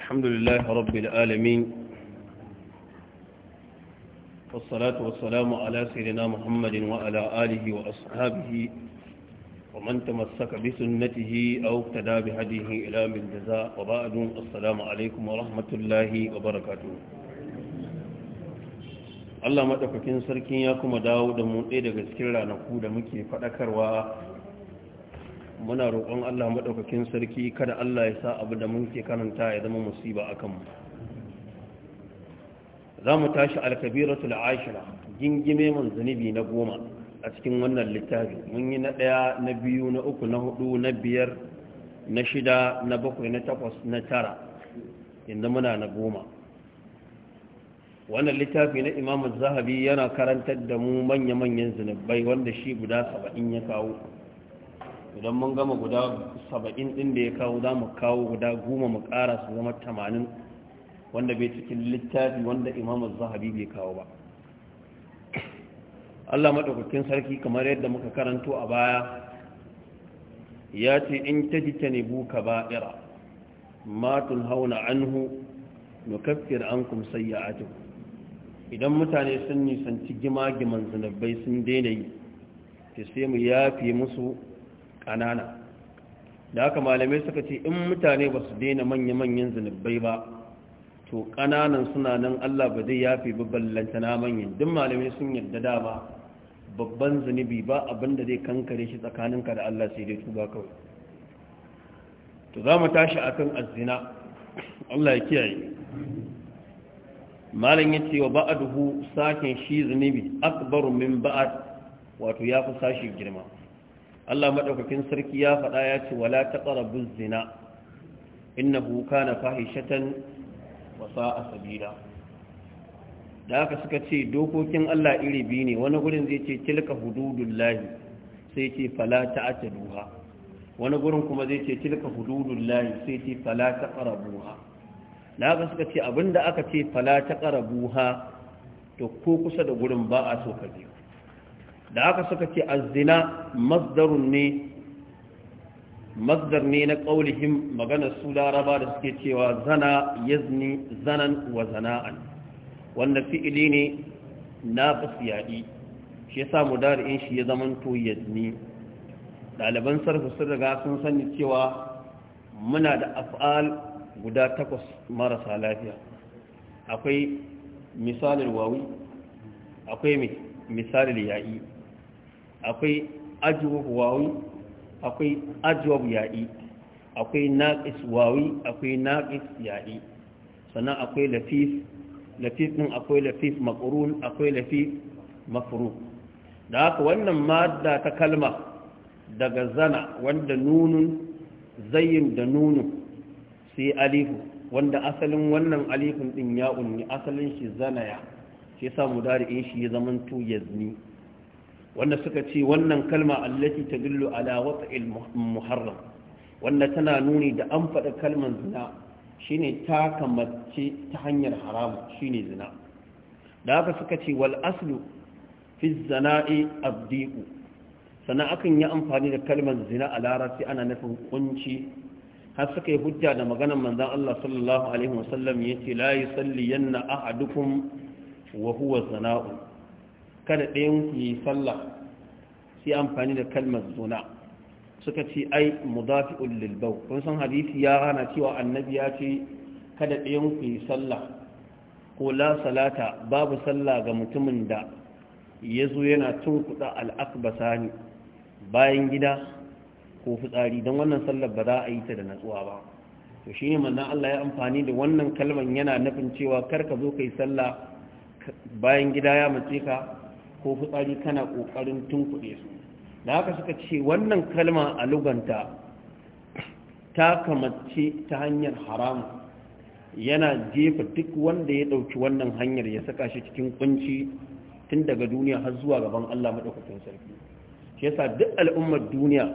الحمد لله رب العالمين والصلاة والسلام على سيدنا محمد وعلى آله وأصحابه ومن تمسك بسنته أو اقتدى بهديه إلى من جزاء وبعد السلام عليكم ورحمة الله وبركاته Allah madaukakin sarkin ya kuma dawo da mu ɗaya daga cikin ranaku da muke faɗakarwa muna roƙon Allah maɗaukakin sarki kada Allah ya sa abu da mun ke karanta ya zama musiba a kanmu za mu tashi alkabiratul ashira gingime man zunubi na goma a cikin wannan littafi mun yi na ɗaya na biyu na uku na hudu na biyar na shida na bakwai na takwas na tara inda muna na goma wannan littafi na imamu zahabi yana karantar da mu manya-manyan zunubai wanda shi guda saba'in ya kawo idan mun gama guda saba'in din da ya kawo za mu kawo guda goma mu ƙara su zama tamanin wanda bai cikin littafi wanda imamu zahabi bai kawo ba allah maɗaukakin sarki kamar yadda muka karanto a baya ya ce in ta ji ta nebu ka ba'ira matun hauna anhu nukaffir an kum sayyi'atu idan mutane sun nisanci gima-giman zanabbai sun daina yi ta sai mu yafe musu ƙanana da haka malamai suka ce in mutane ba su daina manya-manyan zunubai ba to ƙananan suna nan Allah ba zai yafi ballantana manyan duk malamai sun yarda dama babban zunubi ba abinda zai kankare shi tsakaninka da Allah sai dai tuba kawai to za mu tashi akan azina Allah ya kiyaye malam ya ce wa ba'aduhu sakin shi zunubi akbaru min ba'ad wato ya fi sashi girma Allah madaukakin sarki ya faɗa ya ce wala taqrabu zina innahu kana fahishatan wa sa'a sabila da haka suka ce dokokin Allah iri biyu ne wani gurin zai ce tilka hududullahi sai ce fala ta'taduha wani gurin kuma zai ce tilka hududullahi sai ce fala taqrabuha da haka suka ce abinda aka ce fala taqrabuha to ko kusa da gurin ba a so ka biyo da aka suka ce azina masdarun ne masdar ne na ƙaulihim maganar su laraba da suke cewa zana yazni zanan wa zana'an wanda fi'ili ne na fasiyaɗi shi ya samu dari'in shi ya zamanto yazni ɗaliban sarfi sun riga sun sani cewa muna da af'al guda takwas marasa lafiya akwai misalin wawi akwai misalin ya'i akwai ajwab wawi akwai ajwab ya'i akwai naqis wawi akwai naqis ya'i sannan akwai lafif latif din akwai lafif maqrun akwai lafif mafru da haka wannan madda ta kalma daga zana wanda nunun zayyin da nunun sai alifu wanda asalin wannan alifin din ya'un ne asalin shi zanaya sai samu mudari'in shi ya zamanto yazni wanda suka ce wannan kalma allati tadullu ala wata'il muharram wanda tana nuni da an faɗa kalman zina shine ta kamace ta hanyar haramu shine zina da haka suka ce wal aslu fi zana'i abdiku. sannan akan yi amfani da kalmar zina a larabci ana nufin kunci har suka yi hujja da maganar manzon Allah sallallahu alaihi wasallam yace la yusalli yanna ahadukum wa huwa zana'u kada ɗayan ku yi sallah sai amfani da kalmar zuna suka ce ai mudafi'ul lil kun san hadisi ya hana cewa annabi ya ce kada ɗayan ku yi sallah ko la salata babu sallah ga mutumin da ya zo yana tunkuɗa al'akbasani bayan gida ko fitsari don wannan sallar ba za a yi ta da natsuwa ba to shi ne manna Allah ya amfani da wannan kalman yana nufin cewa kar ka zo ka yi sallah bayan gida ya mace ka ko fitsari kana kokarin tunkuɗe su da haka suka ce wannan kalma a luganta ta kamace ta hanyar haramu yana jefa duk wanda ya ɗauki wannan hanyar ya saka shi cikin kunci tun daga duniya har zuwa gaban Allah maɗaukakin sarki shi yasa duk al'ummar duniya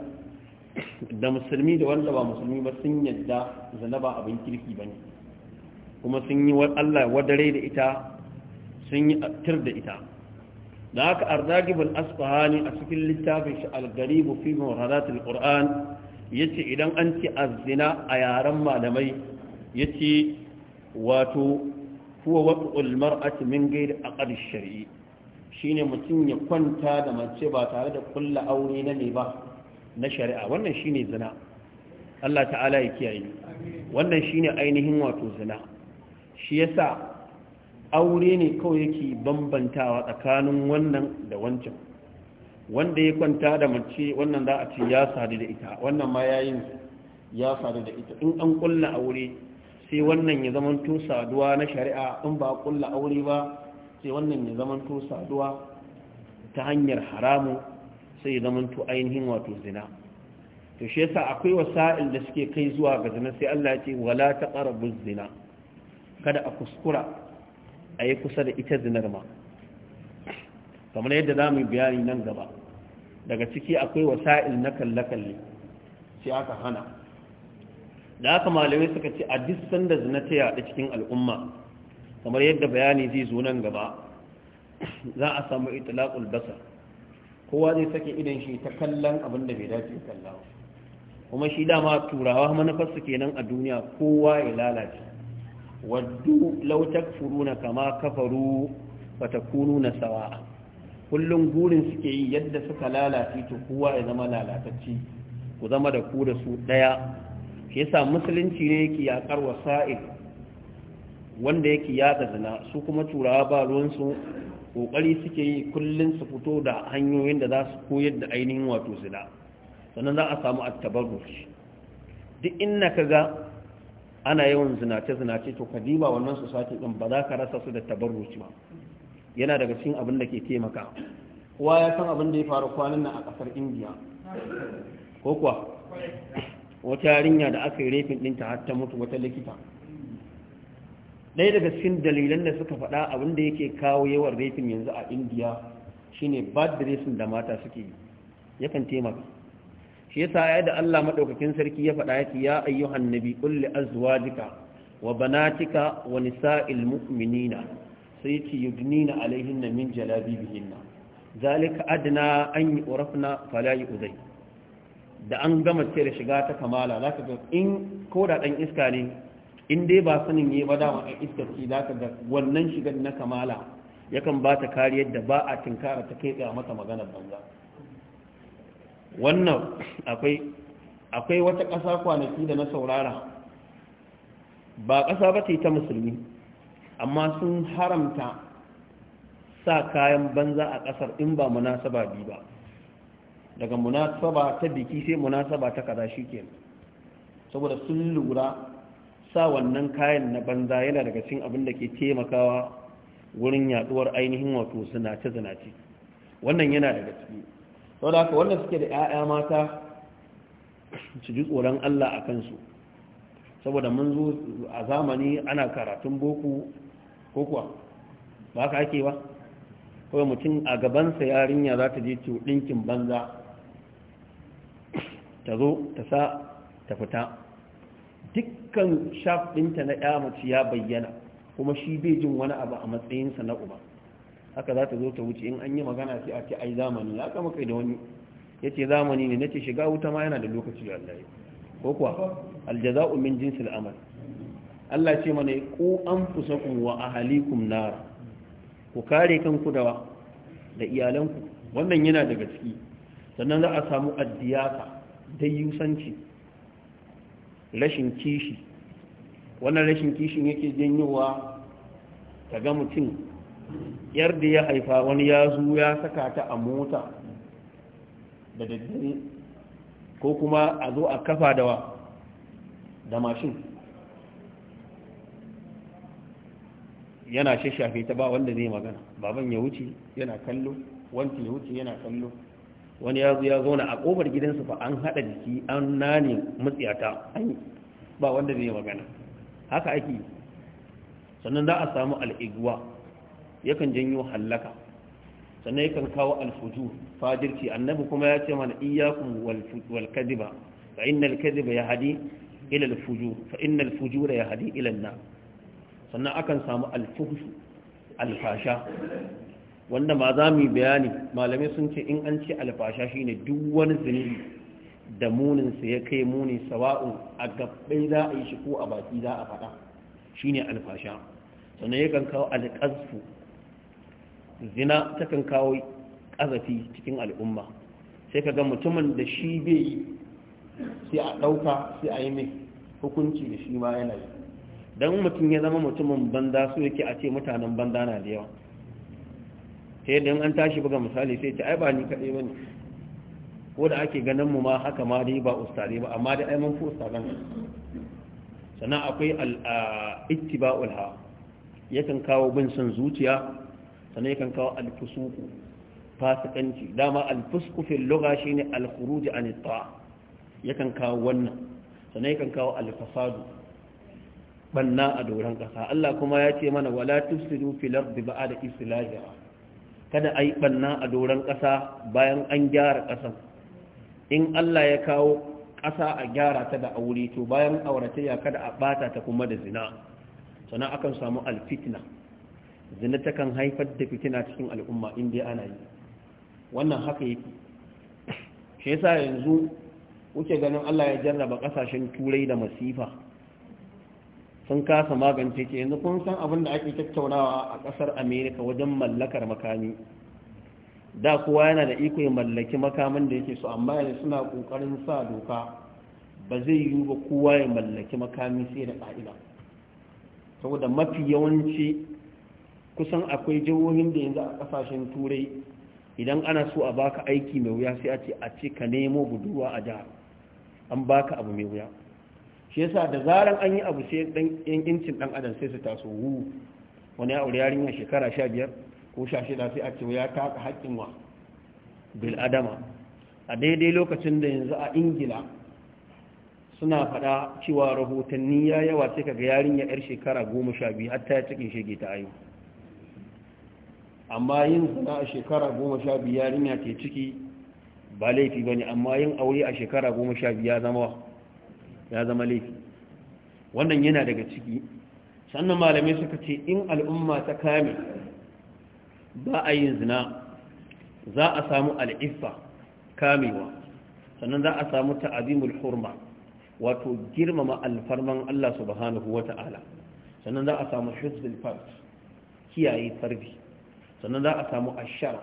da musulmi da wanda ba musulmi ba sun yadda ba abin kirki ba ne kuma sun yi Allah wadare da ita sun yi tir da ita da haka ardagibul asfahani a cikin littafin shi al-garibu fi mawradatul qur'an yace idan an ci azzina a yaren malamai yace wato huwa wad'ul mar'ati min ghayri aqd ash-shar'i shine mutum ya kwanta da mace ba tare da kulla aure na ne ba na shari'a wannan shine zina Allah ta'ala ya kiyaye wannan shine ainihin wato zina shi yasa aure ne kawai yake bambantawa tsakanin wannan da wancan wanda ya kwanta da mace wannan za a ce ya sadu da ita wannan ma yin ya sadu da ita in an kulla aure sai wannan ya to saduwa na shari'a in ba kulla aure ba sai wannan ya to saduwa ta hanyar haramu sai ya to ainihin wato zina to shi yasa akwai wasa'il da suke kai zuwa ga zina sai Allah ya ce wala taqrabuz zina kada a kuskura a yi kusa da ita zinar ma kamar yadda za mu bayani nan gaba daga ciki akwai wasa'il na kalle-kalle sai aka hana da aka malamai suka ce a duk sanda zina ta yaɗa cikin al'umma kamar yadda bayani zai zo nan gaba za a samu itilakul basar kowa zai sake idan shi ta kallon abin da bai dace kallawa kuma shi dama turawa manufarsu kenan a duniya kowa ya lalace waddu law takfuruna kama kafaru fatakununa sawa'a kullum gurin suke yi yadda suka lalace to kowa ya zama lalatacci ku zama da ku da su daya shi yasa musulunci ne yake yakar sa'id wanda yake yada zina su kuma turawa ba ruwan su kokari suke yi kullum su fito da hanyoyin da za su koyar da ainihin wato zina sannan za a samu attabarruci duk inna ga. ana yawan zinace-zinace to ka diba wannan su sati ɗin ba za ka rasa su da tabarruci ba yana daga cikin abin da ke taimaka kowa ya san abin da ya faru kwanan nan a kasar indiya ko kuwa wata yarinya da aka yi rafin ɗinta har ta mutu wata likita ɗaya daga cikin dalilan da suka faɗa abin da yake kawo yawan rafin yanzu a indiya shine bad dressing da mata suke yi yakan taimaka shi yasa ya da Allah madaukakin sarki ya faɗa yake ya ayyuhan nabi qul li azwajika wa banatika wa nisa'il mu'minina sai yace yudnina alaihinna min jalabibihinna zalika adna an yurafna fala yu'zai da an gama ce da shiga ta kamala zaka ga in ko da dan iska ne in dai ba sanin yi ba da wa iska ce zaka ga wannan shigar na kamala yakan ba ta kariyar da ba a tinkara ta kai mata maganar banza wannan akwai wata ƙasa kwanaki da na saurara ba ƙasa ba ce ta musulmi amma sun haramta sa kayan banza a ƙasar in ba munasaba bi ba daga munasaba ta biki sai munasaba ta kaza ke saboda sun lura sa wannan kayan na banza yana daga cin abin da ke taimakawa wurin yaduwar ainihin wato zinace-zinace wannan yana daga cikin sau da haka wanda suke da 'ya'ya mata su ji tsoron Allah a kansu saboda mun zo a zamani ana karatun boko ko kuwa ba ka ake ba kawai mutum a gabansa yarinya za ta je ɗinkin banza ta zo ta sa ta fita dukkan shaf ɗinta na ya mace ya bayyana kuma shi bai jin wani abu a matsayinsa na uba haka za ta zo ta wuce in an yi magana sai a ce ai zamani ya kama kai da wani ya ce zamani ne na ce shiga wuta ma yana da lokaci da Allah ko kuwa aljaza'u min jinsi amal Allah ce mana ku ku wa ahalikum nar ku kare kanku da da iyalanku wannan yana daga ciki sannan za a samu addiyaka da yusanci rashin kishi wannan rashin kishin yake janyowa ga mutum da ya haifa wani ya zo ya saka ta a mota da daddare ko kuma a zo a kafa dawa da mashin yana shashafe ta ba wanda zai magana baban ya wuce yana kallo wanti ya wuce yana kallo wani ya zo ya zauna a kofar gidansu fa an hada jiki an nane mutsiyata an ba wanda zai magana haka ake sannan za a samu al'iguwa yakan janyo hallaka sannan yakan kawo alfuju fajirci annabi kuma ya ce mana iyyakum wal kadhiba fa innal kadhiba yahdi ila alfujur fa innal fujura yahdi ila an sannan akan samu alfuhsh alfasha wanda ma za mu bayani malamai sun ce in an ce alfasha shine duk wani zunubi da muninsa ya kai muni sawa'un a gabbai za a yi shi ko a baki za a faɗa shine alfasha sannan yakan kawo alƙazfu zina takan kawo ƙazafi cikin al'umma sai ka ga mutumin da shi bai yi sai a ɗauka sai a yi mai hukunci da shi ma yana yi don mutum ya zama mutumin banda su yake a ce mutanen banda na da yawa ta yadda an tashi buga misali sai ce ai ba ni kaɗai ba ne ko da ake ganin mu ma haka ma dai ba ustare ba amma dai ai mun fi ustaren sannan akwai ittiba'ul ha yakan kawo bin son zuciya sannan yakan kawo alfusuku fasikanci dama alfusku fil lugha shine alkhuruj an ta'a yakan kawo wannan sannan yakan kawo alfasadu banna a doron kasa Allah kuma ya ce mana wala tufsidu fil ardi ba'da islahiha kada ai banna a doran kasa bayan an gyara kasa in Allah ya kawo ƙasa a gyara ta da aure to bayan ya kada a bata ta kuma da zina sannan akan samu alfitna zina takan haifar da fitina cikin al'umma in ana yi wannan haka yake shi yasa yanzu kuke ganin Allah ya jarraba kasashen turai da masifa sun kasa magance ce yanzu kun san abin da ake tattaunawa a kasar America wajen mallakar makami da kowa yana da iko ya mallaki makamin da yake so amma yanzu suna kokarin sa doka ba zai yi ba kowa ya mallaki makami sai da ka'ida saboda mafi yawanci kusan akwai jihohin da yanzu a kasashen turai idan ana so a baka aiki mai wuya sai a ce a ce ka nemo guduwa a jihar an baka abu mai wuya shi yasa da zaran an yi abu sai dan incin dan adam sai su taso hu. wani ya aure yarinya shekara 15 ko 16 sai a ce ya taka haƙƙin wa bil adama a daidai lokacin da yanzu a ingila suna faɗa cewa rahotanni ya yawa sai kaga yarinya yar shekara goma sha biyu har ta cikin shege ta ayyuka amma yin zina a shekara goma sha biyar rina ke ciki ba laifi ba ne amma yin aure a shekara goma sha biyar ya zama laifi wannan yana daga ciki sannan malamai suka ce in al'umma ta kame ba a yin zina za a samu al'ifa, kamewa sannan za a samu ta'azimul hurma wato girmama alfarman Allah subhanahu wa ta'ala sannan za a samu hizbul fars kiyaye farbi sannan za a samu ashar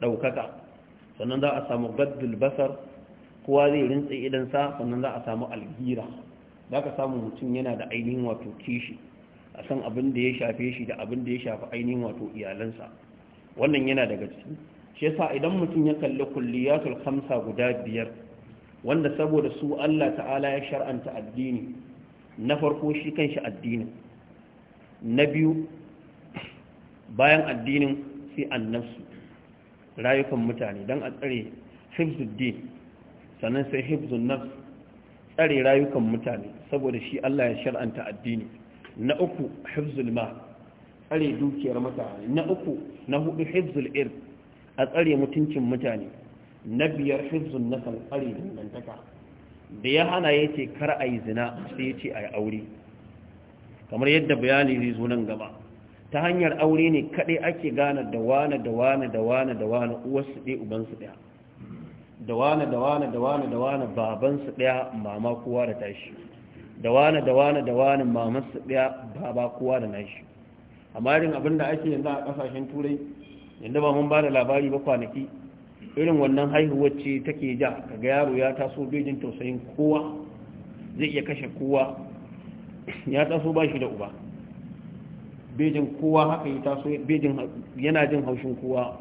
ɗaukaka sannan za a samu gaddul basar kowa zai rintse idansa sannan za a samu algira za ka samu mutum yana da ainihin wato kishi a san abin da ya shafe shi da abin da ya shafi ainihin wato iyalansa wannan yana daga ciki shi yasa idan mutum ya kalli kulliyatul khamsa guda biyar wanda saboda su Allah ta'ala ya shar'anta addini na farko shi kanshi addinin na biyu bayan addinin sai annafsu rayukan mutane don a tsare hibzuddin sannan sai hibzun nafs tsare rayukan mutane saboda shi Allah ya shar'anta addini na uku hibzul ma tsare dukiyar mutane na uku na hudu hibzul ir a tsare mutuncin mutane na biyar hibzun nasal tsare dangantaka da ya hana ya ce kar a yi zina sai ya ce a yi aure kamar yadda bayani zai zo nan gaba ta hanyar aure ne kaɗai ake gane da wane da wane da wane da wane uwarsu ɗaya ubansu ɗaya da wane da wane da wane da wane babansu ɗaya mama kowa da tashi da wane da wane da wane mamansu ɗaya baba kowa da nashi amma irin abin da ake yanzu a ƙasashen turai yanzu ba mun ba da labari ba kwanaki irin wannan haihuwar ce take ja kaga yaro ya taso bejin tausayin kowa zai iya kashe kowa ya taso ba shi da uba bejin kowa haka yi taso bejin yana jin haushin kowa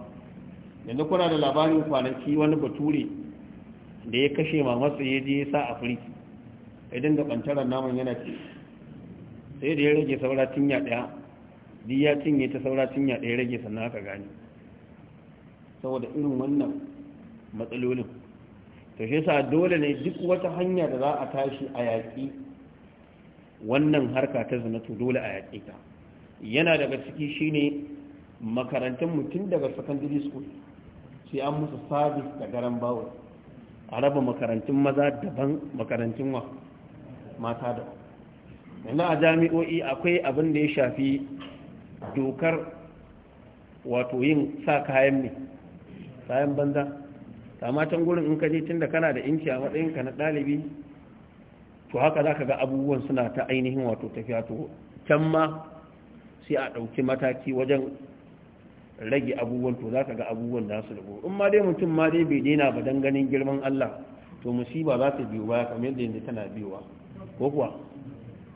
yanzu kuna da labarin kwanaki wani bature da ya kashe mamatsa ya je sa a firki idan da kwantarar naman yana ce sai da ya rage saura ya ɗaya di ya cinye ta saura ya ɗaya rage sannan aka gani saboda irin wannan matsalolin to shi sa dole ne duk wata hanya da za a tashi a yaƙi wannan harka ta zina to dole a yaƙi ta yana daga ciki shine makarantun mutum daga secondary school sai an musu sabis da garan bawo a raba makarantun maza daban makarantun wa mata da yanzu a jami'o'i akwai abin da ya shafi dokar wato yin sa kayan mai kayan banza kamatan gurin in ka je tun da kana da inci a matsayinka na ɗalibi to haka za ka ga abubuwan suna ta ainihin wato tafiya to can ma sai a ɗauki mataki wajen rage abubuwan to za ka ga abubuwan da su rabu in ma dai mutum ma dai bai daina ba don ganin girman Allah to musiba za ta biyo baya kamar yadda yanzu tana biyowa ko kuwa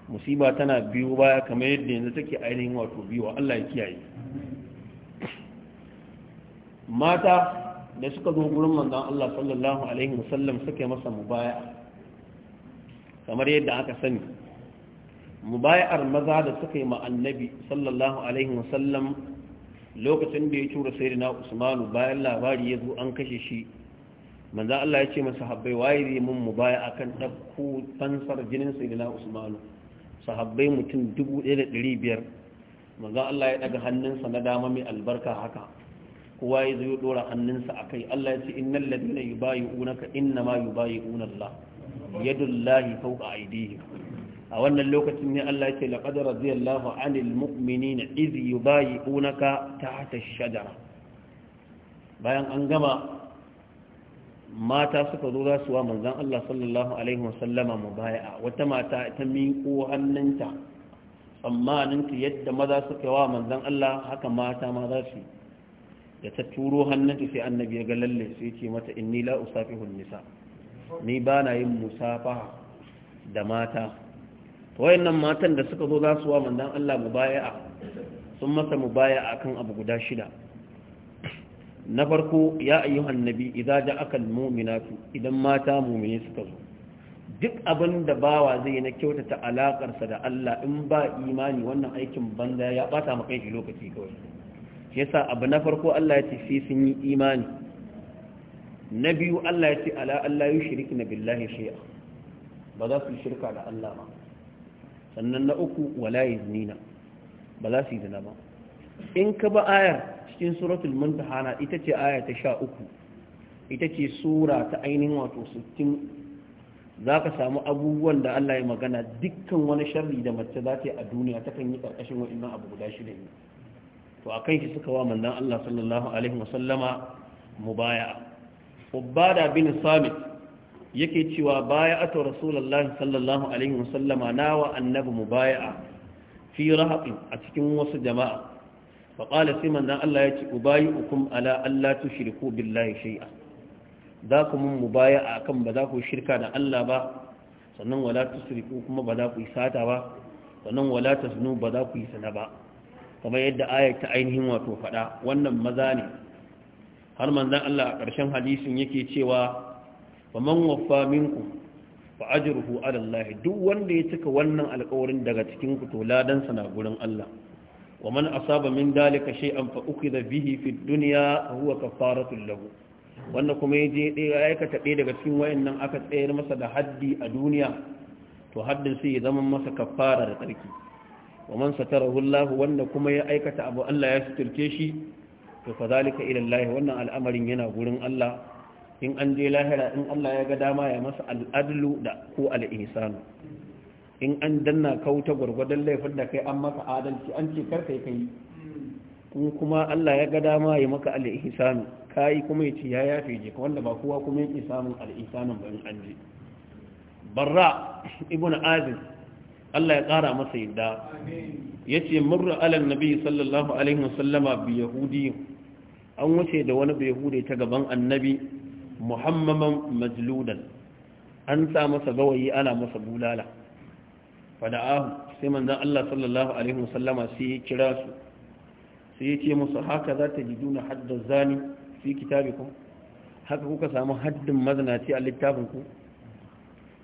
musiba tana biyo baya kamar yadda yanzu take ainihin wato biyowa Allah ya kiyaye mata da suka zo gurin manzon Allah sallallahu alaihi wasallam suka masa mubaya kamar yadda aka sani mubayar maza da suka yi ma annabi sallallahu alaihi wasallam lokacin da ya tura sai na usmanu bayan labari ya zo an kashe shi manzo Allah ya ce masa habbai waye zai mun mubaya akan ɗauko fansar jinin sai na usmanu sahabbai mutum dubu da ɗari biyar manzo Allah ya daga hannunsa na dama mai albarka haka kowa ya zo dora hannunsa a kai, Allah ya ce innal ladina yubayyi'unaka innama yubayyi'una Allah yadullahi fawqa aydihim a wannan lokacin ne Allah yake laqad radiyallahu anil mu'minina iz yubayi'unaka tahta ash-shajara bayan an gama mata suka zo za su wa manzon Allah sallallahu alaihi wasallama mubaya'a wata mata ta miƙo hannunta tsammaninta yadda maza suka wa manzon Allah haka mata ma za su da ta turo hannunta sai annabi ya ga lalle sai ce mata inni la usafihu nisa ni bana yin musafaha da mata nan matan da suka zo za su wa manzon Allah mubaya'a sun masa mubaya'a kan abu guda shida na farko ya ayyuhan nabi idza ja'aka almu'minatu idan mata mu'mini suka zo duk abin da bawa zai na kyautata alakarsa da Allah in ba imani wannan aikin banza ya bata maka shi lokaci kawai yasa abu na farko Allah ya ce sai sun yi imani na biyu Allah ya ce ala Allah yushriku billahi shay'a ba za su shirka da Allah ba sannan na uku wala yaznina ba za su yi zina ba in ka ba ayar cikin suratul muntahana ita ce aya ta sha uku ita ce sura ta ainihin wato sittin za ka samu abubuwan da Allah ya magana dukkan wani sharri da mace za ta yi a duniya ta kan yi ƙarƙashin wa'innan abu guda shida ne to a kan shi suka wa manzan Allah sallallahu alaihi wasallama mubaya ubada bin samit yake cewa baya ato rasulullah sallallahu alaihi wasallama nawa annabi mubaya'a fi rahabin a cikin wasu jama'a fa qala sai manzon Allah ya ce ubayukum ala alla tushriku billahi shay'a za ku mun mubaya'a kan ba za ku shirka da Allah ba sannan wala tusriku kuma ba za ku yi sata ba sannan wala tasnu ba za ku yi sana ba kamar yadda ayat ta ainihin wato faɗa wannan maza ne har manzon Allah a ƙarshen hadisin yake cewa fa man waffa minkum fa ajruhu ala Allah duk wanda ya cika wannan alƙawarin daga cikin ku to ladan sa na gurin Allah wa man asaba min dalika shay'an fa ukhidha bihi fi dunya huwa kafaratul lahu wanda kuma ya je ɗaya aikata ɗaya daga cikin wayannan aka tsayar masa da haddi a duniya to haddin sai ya zama masa kafara da tsarki wa man satarahu Allah wanda kuma ya aikata abu Allah ya suturce shi to fa zalika ila Allah wannan al'amarin yana gurin Allah in an je lahira in Allah ya ga dama ya masa al'adlu da ko al'isan in an danna kauta gwargwadon laifin da kai an maka adalci an ce ka yi kai in kuma Allah ya ga dama ya maka al'isanu kai kuma ya ce ya yafe je wanda ba kowa kuma yake samun al'isanin ba in an je barra ibn azim Allah ya ƙara masa yadda ya ce murra alal nabi sallallahu alaihi wasallama bi yahudi an wuce da wani bai ta gaban annabi muhammaman majludan an sa masa gawayi ana masa bulala fada'ahu sai manzon Allah sallallahu alaihi wasallama sai ya kira su sai ya ce musu haka za ta jiduna haddar zani fi kitabikum haka kuka samu haddin mazanaci a littafin ku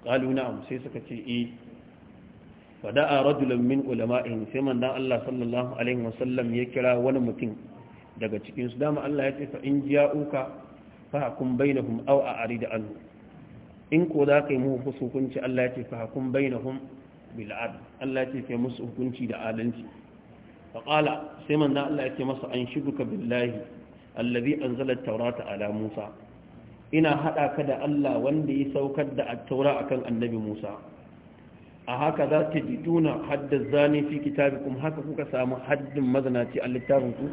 qalu na'am sai suka ce e. eh fada'a rajulan min ulama'in sai manzon Allah sallallahu alaihi wasallam ya kira wani mutum daga cikinsu. su dama Allah ya ce fa in uka? fahakun bainahum aw da anhu in ko za ka yi mu hukunci Allah ya ce fahakun bainahum bil adl Allah ya ce kai musu hukunci da adalci fa sai manzo Allah ya ce masa an shibuka billahi allazi anzala at-taurata ala Musa ina hada ka da Allah wanda ya saukar da at-taura akan annabi Musa a haka za ta jiduna hadda zane fi kitabikum haka kuka samu haddin mazanaci a littafin ku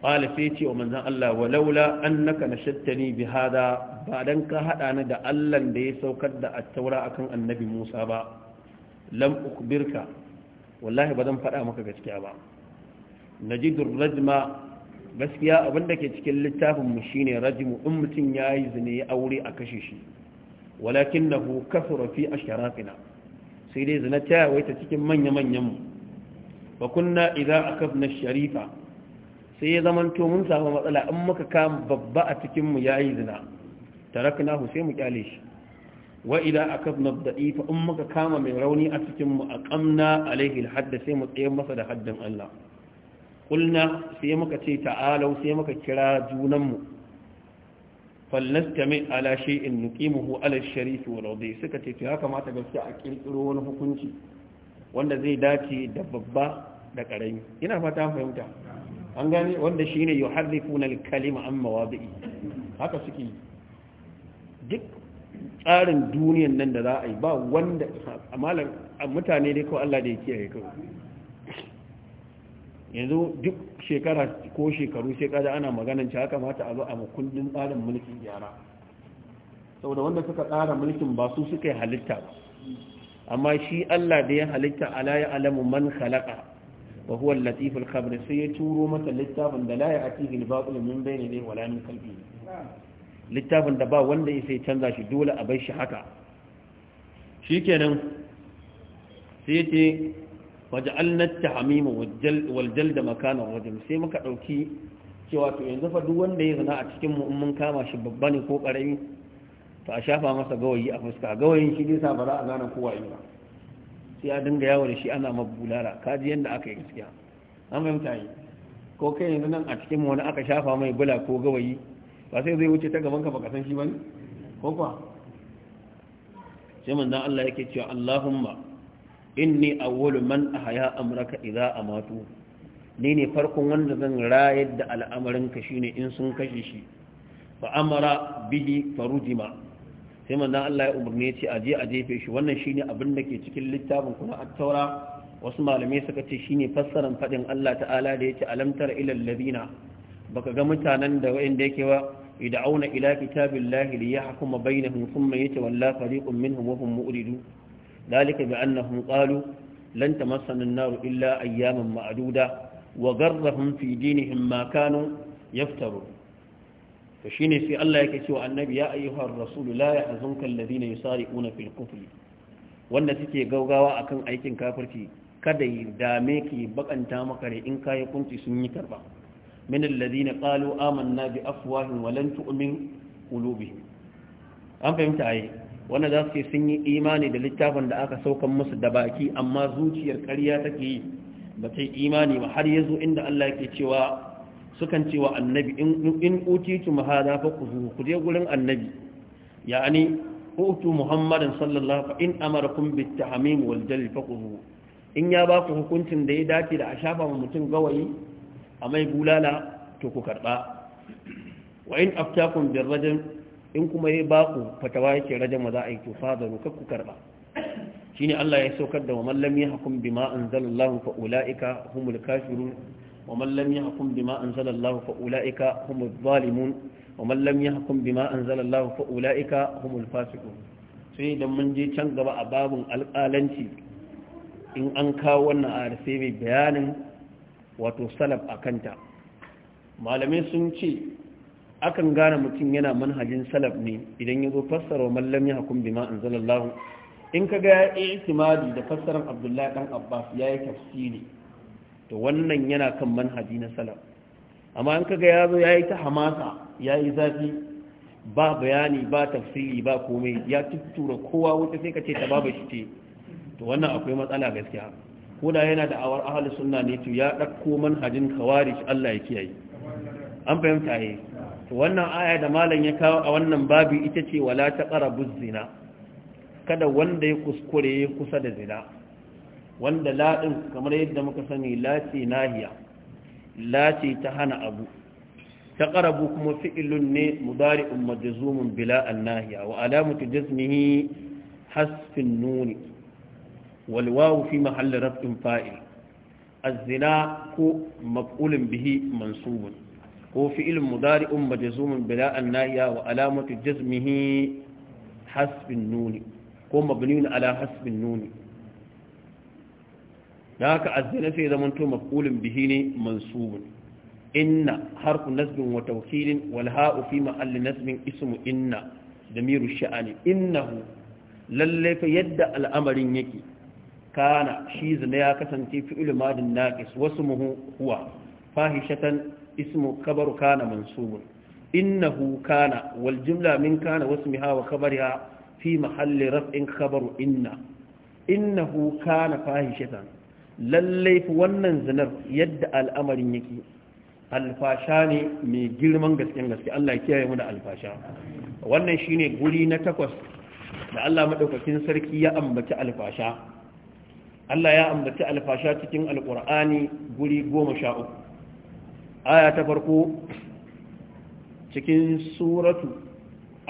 qala sai ce wa manzon Allah naka annaka nashattani bi hada ba dan ka haɗa ni da Allah da ya saukar da a taura akan annabi Musa ba lam ukhbirka wallahi ba zan faɗa maka gaskiya ba najidur rajma gaskiya abin da ke cikin littafin mu shine rajimu. in mutum yi zine ya aure a kashe shi walakinahu rafi a sharafina. sai dai zina ta yawaita cikin manya manyan mu wa kunna idza na sharifa sai ya zamanto mun samu matsala in muka kama babba a cikinmu ya yi zina tarakna sai mu kyale shi wa idan akabna da'ifa in muka kama mai rauni a cikinmu a kamna alaihi Hadda sai mu tsaye masa da haddin Allah kulna sai muka ce ta'alau sai muka kira junanmu falnastami ala shay'in nuqimuhu ala sharif wa radi suka ce ya kamata gaskiya a kirkiro wani hukunci wanda zai dace da babba da karami ina fata fahimta an gane wanda shine yuharrifuna kalima an mawadi'i haka suke duk tsarin duniyan nan da za a yi ba wanda malar mutane dai ko Allah da ya kiyaye kawai yanzu duk shekara ko shekaru sai kada ana maganan cewa kamata a zo a makundin tsarin mulkin gyara saboda wanda suka tsara mulkin ba su suka yi halitta ba amma shi Allah da ya halitta ala ya alamu man khalaqa wa huwa al sai ya turo masa littafin da la ya'tihi al-batil min bayni yadayhi wa la min khalfihi littafin da ba wanda ya sai canza shi dole a bai shi haka shikenan sai ya ce waja'alna at-tahmim wal-jald sai muka ɗauki cewa to yanzu fa duk wanda ya zina a cikin mu mun kama shi babba ne ko karami to a shafa masa gawayi a fuska gawayin shi dai sa ba za a gane kowa yi ba sai a dinga yawo da shi ana mabulara kaji yadda aka yi gaskiya an mai yi ko kai yanzu nan a cikin wani aka shafa mai bula ko gawayi ba sai zai wuce ta gaban ka baka san shi bane ko kuwa sai manzon Allah yake cewa Allahumma inni awwalu man ahya amraka idza amatu ni ne farkon wanda zan rayar da al'amarin ka shine in sun kashe shi fa amara bihi farujima sai manzon Allah ya umarni ya ce a je a jefe shi wannan shine abin da ke cikin littafin kuna at-taura wasu malamai suka ce shine fassaran fadin Allah ta'ala da yace alam tara ilal ladina baka ga mutanen da wanda yake wa auna ila kitabillahi liyahkuma bainahum thumma yatawalla fariqun minhum wa hum mu'ridu dalika bi annahum qalu lan tamassana an-nar illa ayyaman ma'duda wa garrahum fi dinihim ma kanu yaftaru to shine sai Allah yake cewa annabi ya ayyuhar rasulu la yahzunka alladhina yusari'una fil kufri wanda suke gaugawa akan aikin kafirci kada yi dame ki bakanta maka in kayi kunci sun yi karba min alladhina qalu amanna bi afwahin wa lan tu'min qulubihim an fahimta ai wanda za su ce sun yi imani da littafin da aka sauka musu da baki amma zuciyar ƙarya take yi ba ta imani ba har yazo inda Allah yake cewa sukan ce wa annabi in utitu mahada fa ku je gurin annabi yani utu muhammadin sallallahu fa in amarakum bit tahmim wal jal fa in ya ba ku hukuncin da ya dace da a shafa mutum gawayi a mai bulala to ku karba wa in aftakum bir rajam in kuma ya ba ku fatawa yake ma za a yi to fadaru kar ku karba shine Allah ya saukar da wa man lam yahkum bima anzalallahu fa ulaika humul kafirun ومن لم يحكم بما أنزل الله فأولئك هم الظالمون ومن لم يحكم بما أنزل الله فأولئك هم الفاسقون sai idan mun je can gaba a babin alƙalanci in an kawo wannan a sai mai bayanin wato salaf a kanta malamai sun ce akan gane mutum yana manhajin salaf ne idan ya zo fassara wa mallam ya hakun bima zalallahu in ka ga ya yi da fassarar abdullahi dan abbas ya yi tafsiri to wannan yana kan manhaji na salaf amma in kaga ya zo ya yi ta hamasa ya yi zafi ba bayani ba tafsiri ba komai ya tuttura kowa wuce sai ka ce ta babu shi ce to wannan akwai matsala gaskiya ko da yana da awar ahalus sunna ne to ya ɗauko manhajin kawarish Allah ya kiyaye an fahimta yi eh. to wannan aya da malam ya kawo a wannan babu ita ce wala ta qarabuz zina kada wanda ya kuskure kusa da zina wanda laɗin kamar yadda muka sani lati nahiya lati ta hana abu ta ƙarabu kuma fi'ilun ne mudari'un majazumin bila an nahiya wa alamatu jazmihi hasfin nuni walwawu fi mahalli rafin fa'il الزنا كو مفعول ko منصوب هو فعل مضارع مجزوم بلا الناهيه وعلامه جزمه حسب nuni ko مبني ala حسب nuni. da haka azzina sai zaman to maf'ulun bihi ne mansubun inna harfu nasbin wa tawkilin wal ha'u fi mahalli nasbin ismu inna damiru sha'ani innahu lalle fa yadda al'amarin yake kana shi zina ya kasance fi'il madin naqis wasmuhu huwa fahishatan ismu kabaru kana mansubun innahu kana wal jumla min kana wasmiha wa khabariha fi mahalli raf'in khabaru inna innahu kana fahishatan lallai wannan zinar yadda al'amarin yake alfasha ne mai girman gasken gaske Allah ya kiyaye mu da alfasha wannan shine guri na takwas da Allah madaukakin sarki ya ambaci alfasha Allah ya ambaci alfasha cikin alqur'ani guri 13 aya ta farko cikin suratu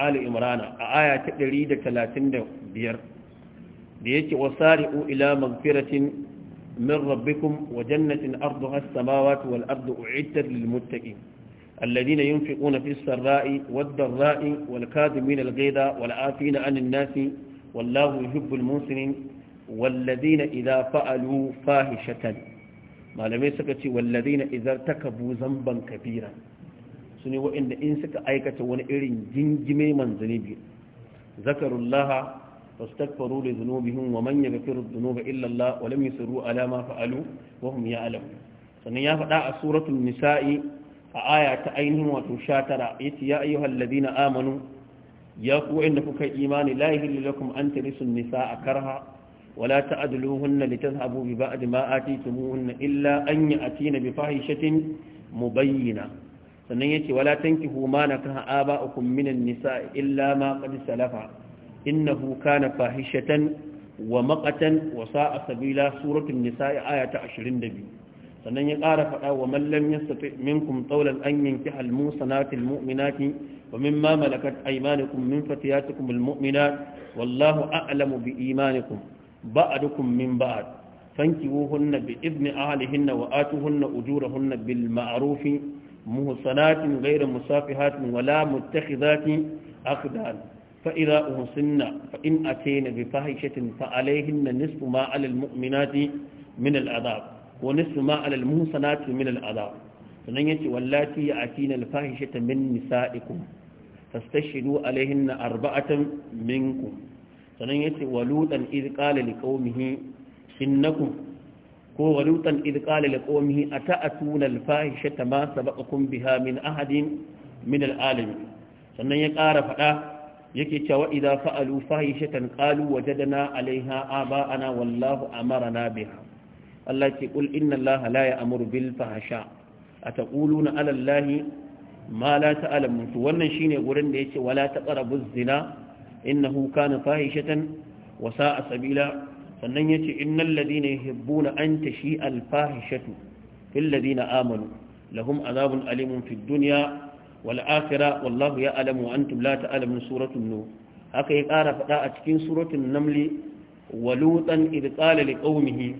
ali imrana a aya ta 135 da yake wasari'u ila magfiratin من ربكم وجنة أرضها السماوات والأرض أعدت للمتقين الذين ينفقون في السراء والضراء والكاذبين الغيظ والعافين عن الناس والله يحب المحسنين والذين إذا فعلوا فاحشة ما لم يسكتي والذين إذا ارتكبوا ذنبا كبيرا سني وإن إن سك أيكة وإن إرين جنجمي من ذنبي ذكروا الله واستكبروا لذنوبهم ومن يغفر الذنوب إلا الله ولم يسروا على ما فعلوا وهم يعلمون sannan ya faɗa a suratul nisa'i a aya ta ainihin wato Shatara, tara yace ya ayyuhal ladina amanu ya ku inda kuka imani la yahillu lakum an tarisun nisa'a karha wala ta'adluhunna litadhhabu bi ba'di ma atitumuhunna illa an ya'tina bi fahishatin mubayyina sannan yace wala tankihu ma nakaha aba'ukum minan nisa'i illa ma qad salafa innahu kana fahishatan wa maqatan wa sa'a sabila suratul nisaa aya ta 22 sannan ya ƙara faɗa wa man lam yastati minkum tawlan an yankiha al musanati al mu'minati wa mimma malakat aymanukum min fatiyatikum al mu'minat wallahu a'lamu bi imanikum ba'dukum min ba'd fankihuhunna bi idni ahlihinna wa atuhunna ujurahunna bil ma'ruf muhsanatin ghayra hatin wala muttakhidhatin akhdan فإذا أهسن فإن أتين بفاهشة فعليهن نصف ما على المؤمنات من العذاب ونصف ما على المنصنات من العذاب sannan ya ce wallafi ya ake na lafahi shi ta min nisa'ikun ta stashidu alaihin na arba'atan minku sannan ya ce walutan idikali da ƙomihi sinnakun ko walutan idikali da ƙomihi a ta'atu na lafahi shi ta masa ahadin min al'alami sannan ya kara faɗa yake cewa idan fa'alu fahishatan da na alaiha aba'ana wallahu na biha Allah ce ƙul inna Allah la ya'muru bil fahsha ataquluna ala Allah ma la ta'lamun wannan shine wurin da yace wala taqrabu zina innahu kana fahishatan wasa a sabila sannan yace innal ladina yuhibbuna an ta shi alfahishatu fil ladina amanu lahum azabun alimun fi duniya. wal wallahu ya alamu antum la ta'lamun suratun nur haka ya ƙara faɗa a cikin suratul namli wa lutan id qala liqaumihi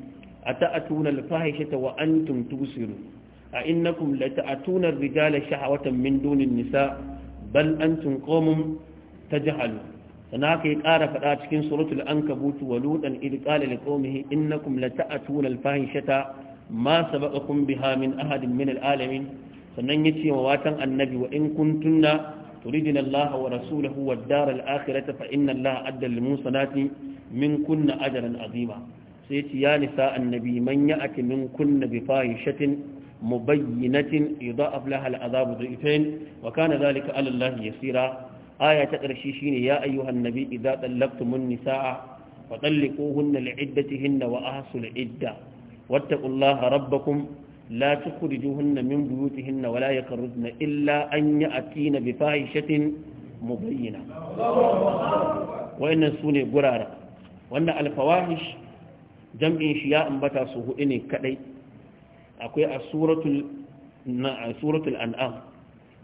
ata'tuna al-fahishata wa a innakum lata'tuna ar-rijala shaawatan min dunin nisa bal antum qawmun tajhalun sana ka yi ƙara faɗa cikin suratul ankabut wa lutan id qala liqaumihi innakum lata'tuna al-fahishata ma sabaqakum biha min ahadin min al-alamin sannan ya ce wa watan annabi wa in kuntunna turidina Allah wa rasulahu wa dar al-akhirata fa inna Allah adda lil musanati min kunna ajran azima sai ce ya nisa annabi man ya'ti min kunna bi fahishatin mubayyinatin yudha'af laha al-azabu dhifain wa kana dhalika ala Allah yasira aya ta karshe shine ya ayyuhan nabi idza tallaqtumun nisaa فطلقوهن لعدتهن وأحصوا العدة واتقوا الله ربكم لا تخرجوهن من بيوتهن ولا يخرجن إلا أن يأتين بفاحشة مبينة وإن سوني قرارة وإن الفواحش جمع شياء بتا سهوئني كدي أقول سورة سورة الأنعام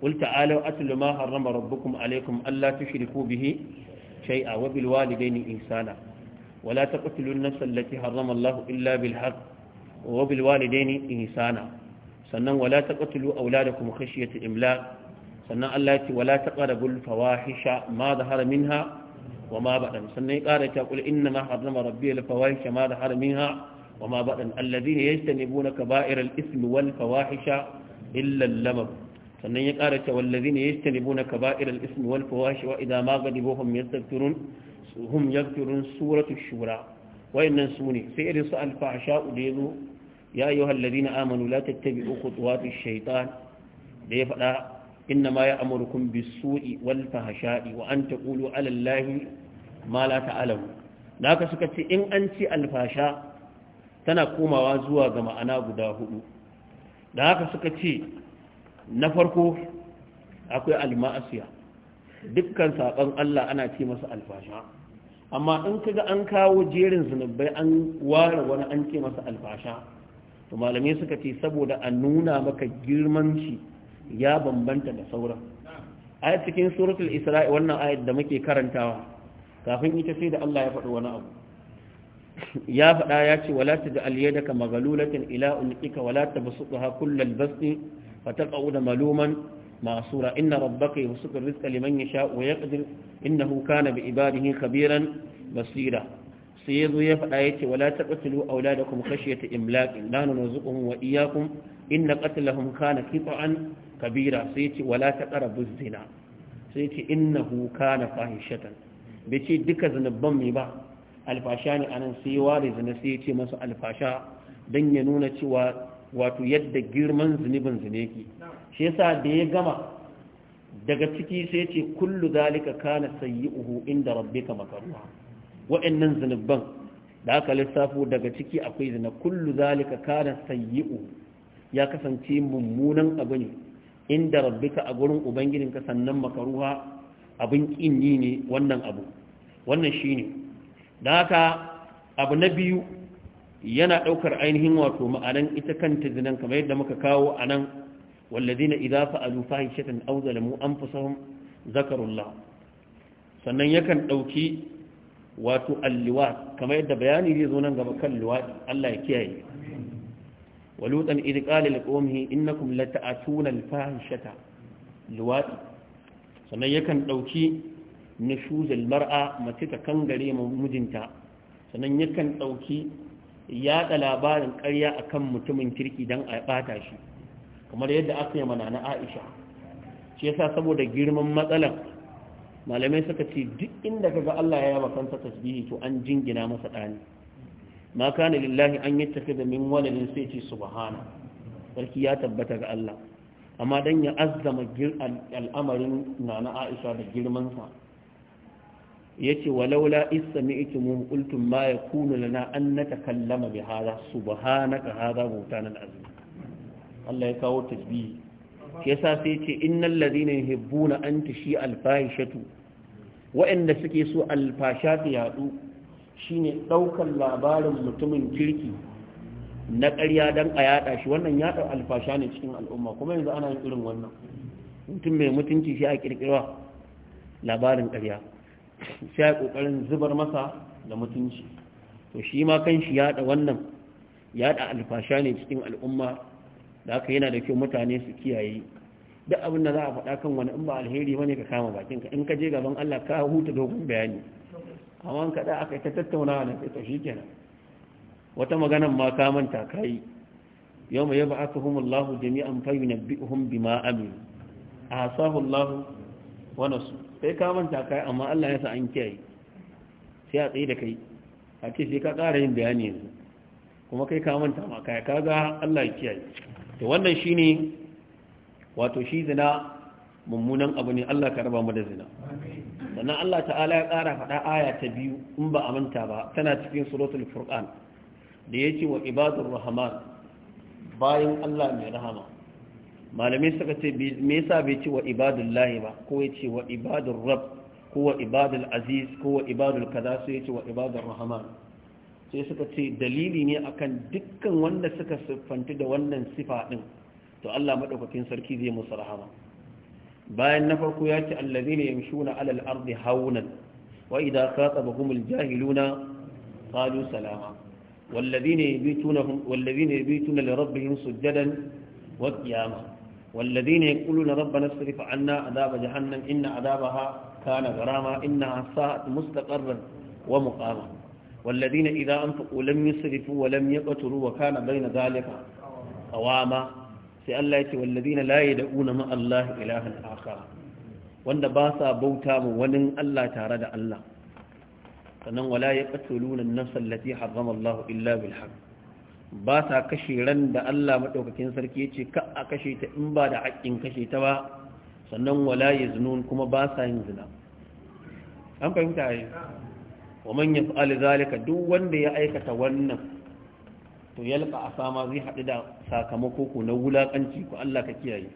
قل تعالوا أتل ما حرم ربكم عليكم ألا تشركوا به شيئا وبالوالدين إنسانا ولا تقتلوا النفس التي حرم الله إلا بالحق sannan wala taqatulu awladakum khashyata imla sannan Allah yace wala taqrabul fawahisha ma zahara minha wa ma badan sannan yara ta kula inna ma harrama rabbi al fawahisha ma zahara minha wa ma badan alladhina yajtanibuna kaba'ir al ism wal fawahisha illa al lamab sannan yara ta walladhina yajtanibuna kaba'ir al ism wal fawahisha wa idha ma gadibuhum yastaghfirun hum yaghfirun suratu shura wa inna sunni sai irin su al fahsha'u da yazo ya ayyuha alladhina amanu la tattabi'u khutuwati ash-shaytan da ya faɗa innama ya'murukum bis-su'i wal fahsha'i wa an taqulu 'ala allahi ma la ta'lamu naka suka ce in an ci alfasha tana komawa zuwa ga ma'ana guda hudu da haka suka ce na farko akwai alma'asiya dukkan saƙon Allah ana ce masa alfasha amma in kaga an kawo jerin zunubai an ware wani an ce masa alfasha to malamai suka ce saboda a nuna maka girman shi ya bambanta da sauran ayat cikin suratul isra'i wannan ayat da muke karantawa kafin ita sai da Allah ya faɗi wani abu ya faɗa ya ce wala taj'al yadaka maghlulatan ila unqika wala tabsutha kullal basti fataqauda maluman ma'sura inna rabbaka yabsutu rizqa liman yasha wa yaqdir innahu kana bi ibadihi khabiran basira sai ya zo ya faɗa ya ce wala da kuma taqtulu auladakum khashyata imlaq la nuzuquhum wa iyyakum inna qatlahum kana an kabira sai ya ce wala ta taqrabu zina sai ya ce hu kana fahishatan bai ce duka zanabban mai ba alfasha ne anan sai ware zina sai ya ce masa alfasha dan ya nuna cewa wato yadda girman zunubin zina ki shi yasa da ya gama daga ciki sai ce kullu zalika kana sayyi'uhu inda rabbika makaruha waɗannan zunuban da aka lissafo daga ciki akwai zina kullu zalika kana sayyi'u ya kasance mummunan abu ne inda rabbika a gurin ka sannan makaruha abin kinni ne wannan abu wannan shine da haka abu na biyu yana daukar ainihin wato ma'anan ita kanta zinan kamar yadda muka kawo anan wallazina idza fa'alu fahishatan aw zalamu anfusahum zakarullah sannan yakan dauki wato alluwa kamar yadda bayani zai zo nan gaba kan luwaɗi. Allah ya kiyaye walutan idh qala liqawmihi innakum lata'atuna al-fahishata liwaɗi sannan yakan dauki nushuzul mar'a mace ta kangare ma mijinta sannan yakan ɗauki yaɗa labarin ƙarya akan mutumin kirki dan a bata shi kamar yadda aka yi mana na Aisha shi yasa saboda girman matsalar malamai suka ce duk inda kaga Allah ya yaba kansa tasbihi to an jingina masa dani ma kana lillahi an yi da min waladin sai ce subhana sarki ya tabbata ga Allah amma dan ya azzama al'amarin nana Aisha da girman sa yace walaula is sami'tumu qultum ma yakunu lana an natakallama bi hadha subhanaka hadha butanan azim Allah ya kawo tasbihi shi yasa sai ce innal ladina yuhibbuna an tashi alfahishatu wa'anda suke so alfasha ta yadu shine daukar labarin mutumin kirki na ƙarya dan a yada shi wannan yada alfasha ne cikin al'umma kuma yanzu ana yin irin wannan mutum mai mutunci shi a kirkirwa labarin ƙarya sai a kokarin zubar masa da mutunci to shi ma kan shi yada wannan yada alfasha ne cikin al'umma da haka yana da kyau mutane su kiyaye duk abin da za a faɗa kan wani in ba alheri ba ne ka kama bakin ka in ka je gaban Allah ka huta dogon bayani amma an kaɗa aka yi ta tattaunawa wani kai ta shi kenan wata maganan ma ka manta ka yi yau mai yaba aka humu Allah jami'an fayu na bi'uhum bima amin a hasahu Allah wani su sai ka manta ka yi amma Allah ya sa an kiyaye sai a tsaye da kai a ce sai ka ƙara yin bayani yanzu kuma kai ka manta ma ka yi ka ga Allah ya kiyaye Da wannan shine wato shi zina mummunan abu ne Allah ka raba mu da zina sannan Allah ta'ala ya ƙara faɗa aya ta biyu in ba a manta ba tana cikin suratul furqan da ce wa ibadur rahman bayan Allah mai rahama malamai suka ce me yasa bai ce wa ibadullahi ba ko ya ce wa ibadur rabb ko wa ibadul aziz ko wa ibadul kaza sai ya ce wa ibadur rahman sai suka ce dalili ne akan dukkan wanda suka siffanti da wannan sifa din to Allah madaukakin sarki zai musu rahama bayan na farko ya ce allazina yamshuna alal ardi hawnan wa idza khatabahumul jahiluna qalu salama والذين يبيتونهم والذين يبيتون لربهم سجدا وقياما والذين يقولون ربنا اصرف عنا عذاب جهنم إن عذابها كان غراما إنها ساءت مستقرا ومقاما والذين إذا أنفقوا لم يسرفوا ولم يقتروا وكان بين ذلك قواما سألت والذين لا يدعون مع الله إلها آخر wanda ba sa bauta wa wani Allah tare da Allah sannan wala ya qatuluna an-nafs allati harrama Allah illa bil ba sa kashe ran da Allah madaukakin sarki yace ka a kashe ta in ba da haƙƙin kashe ta ba sannan kuma ba sa yin zina an fahimta ai wa man yaf'al zalika duk wanda ya aikata wannan to a sama zai haɗu da sakamako ku na wulakanci ko Allah ka kiyaye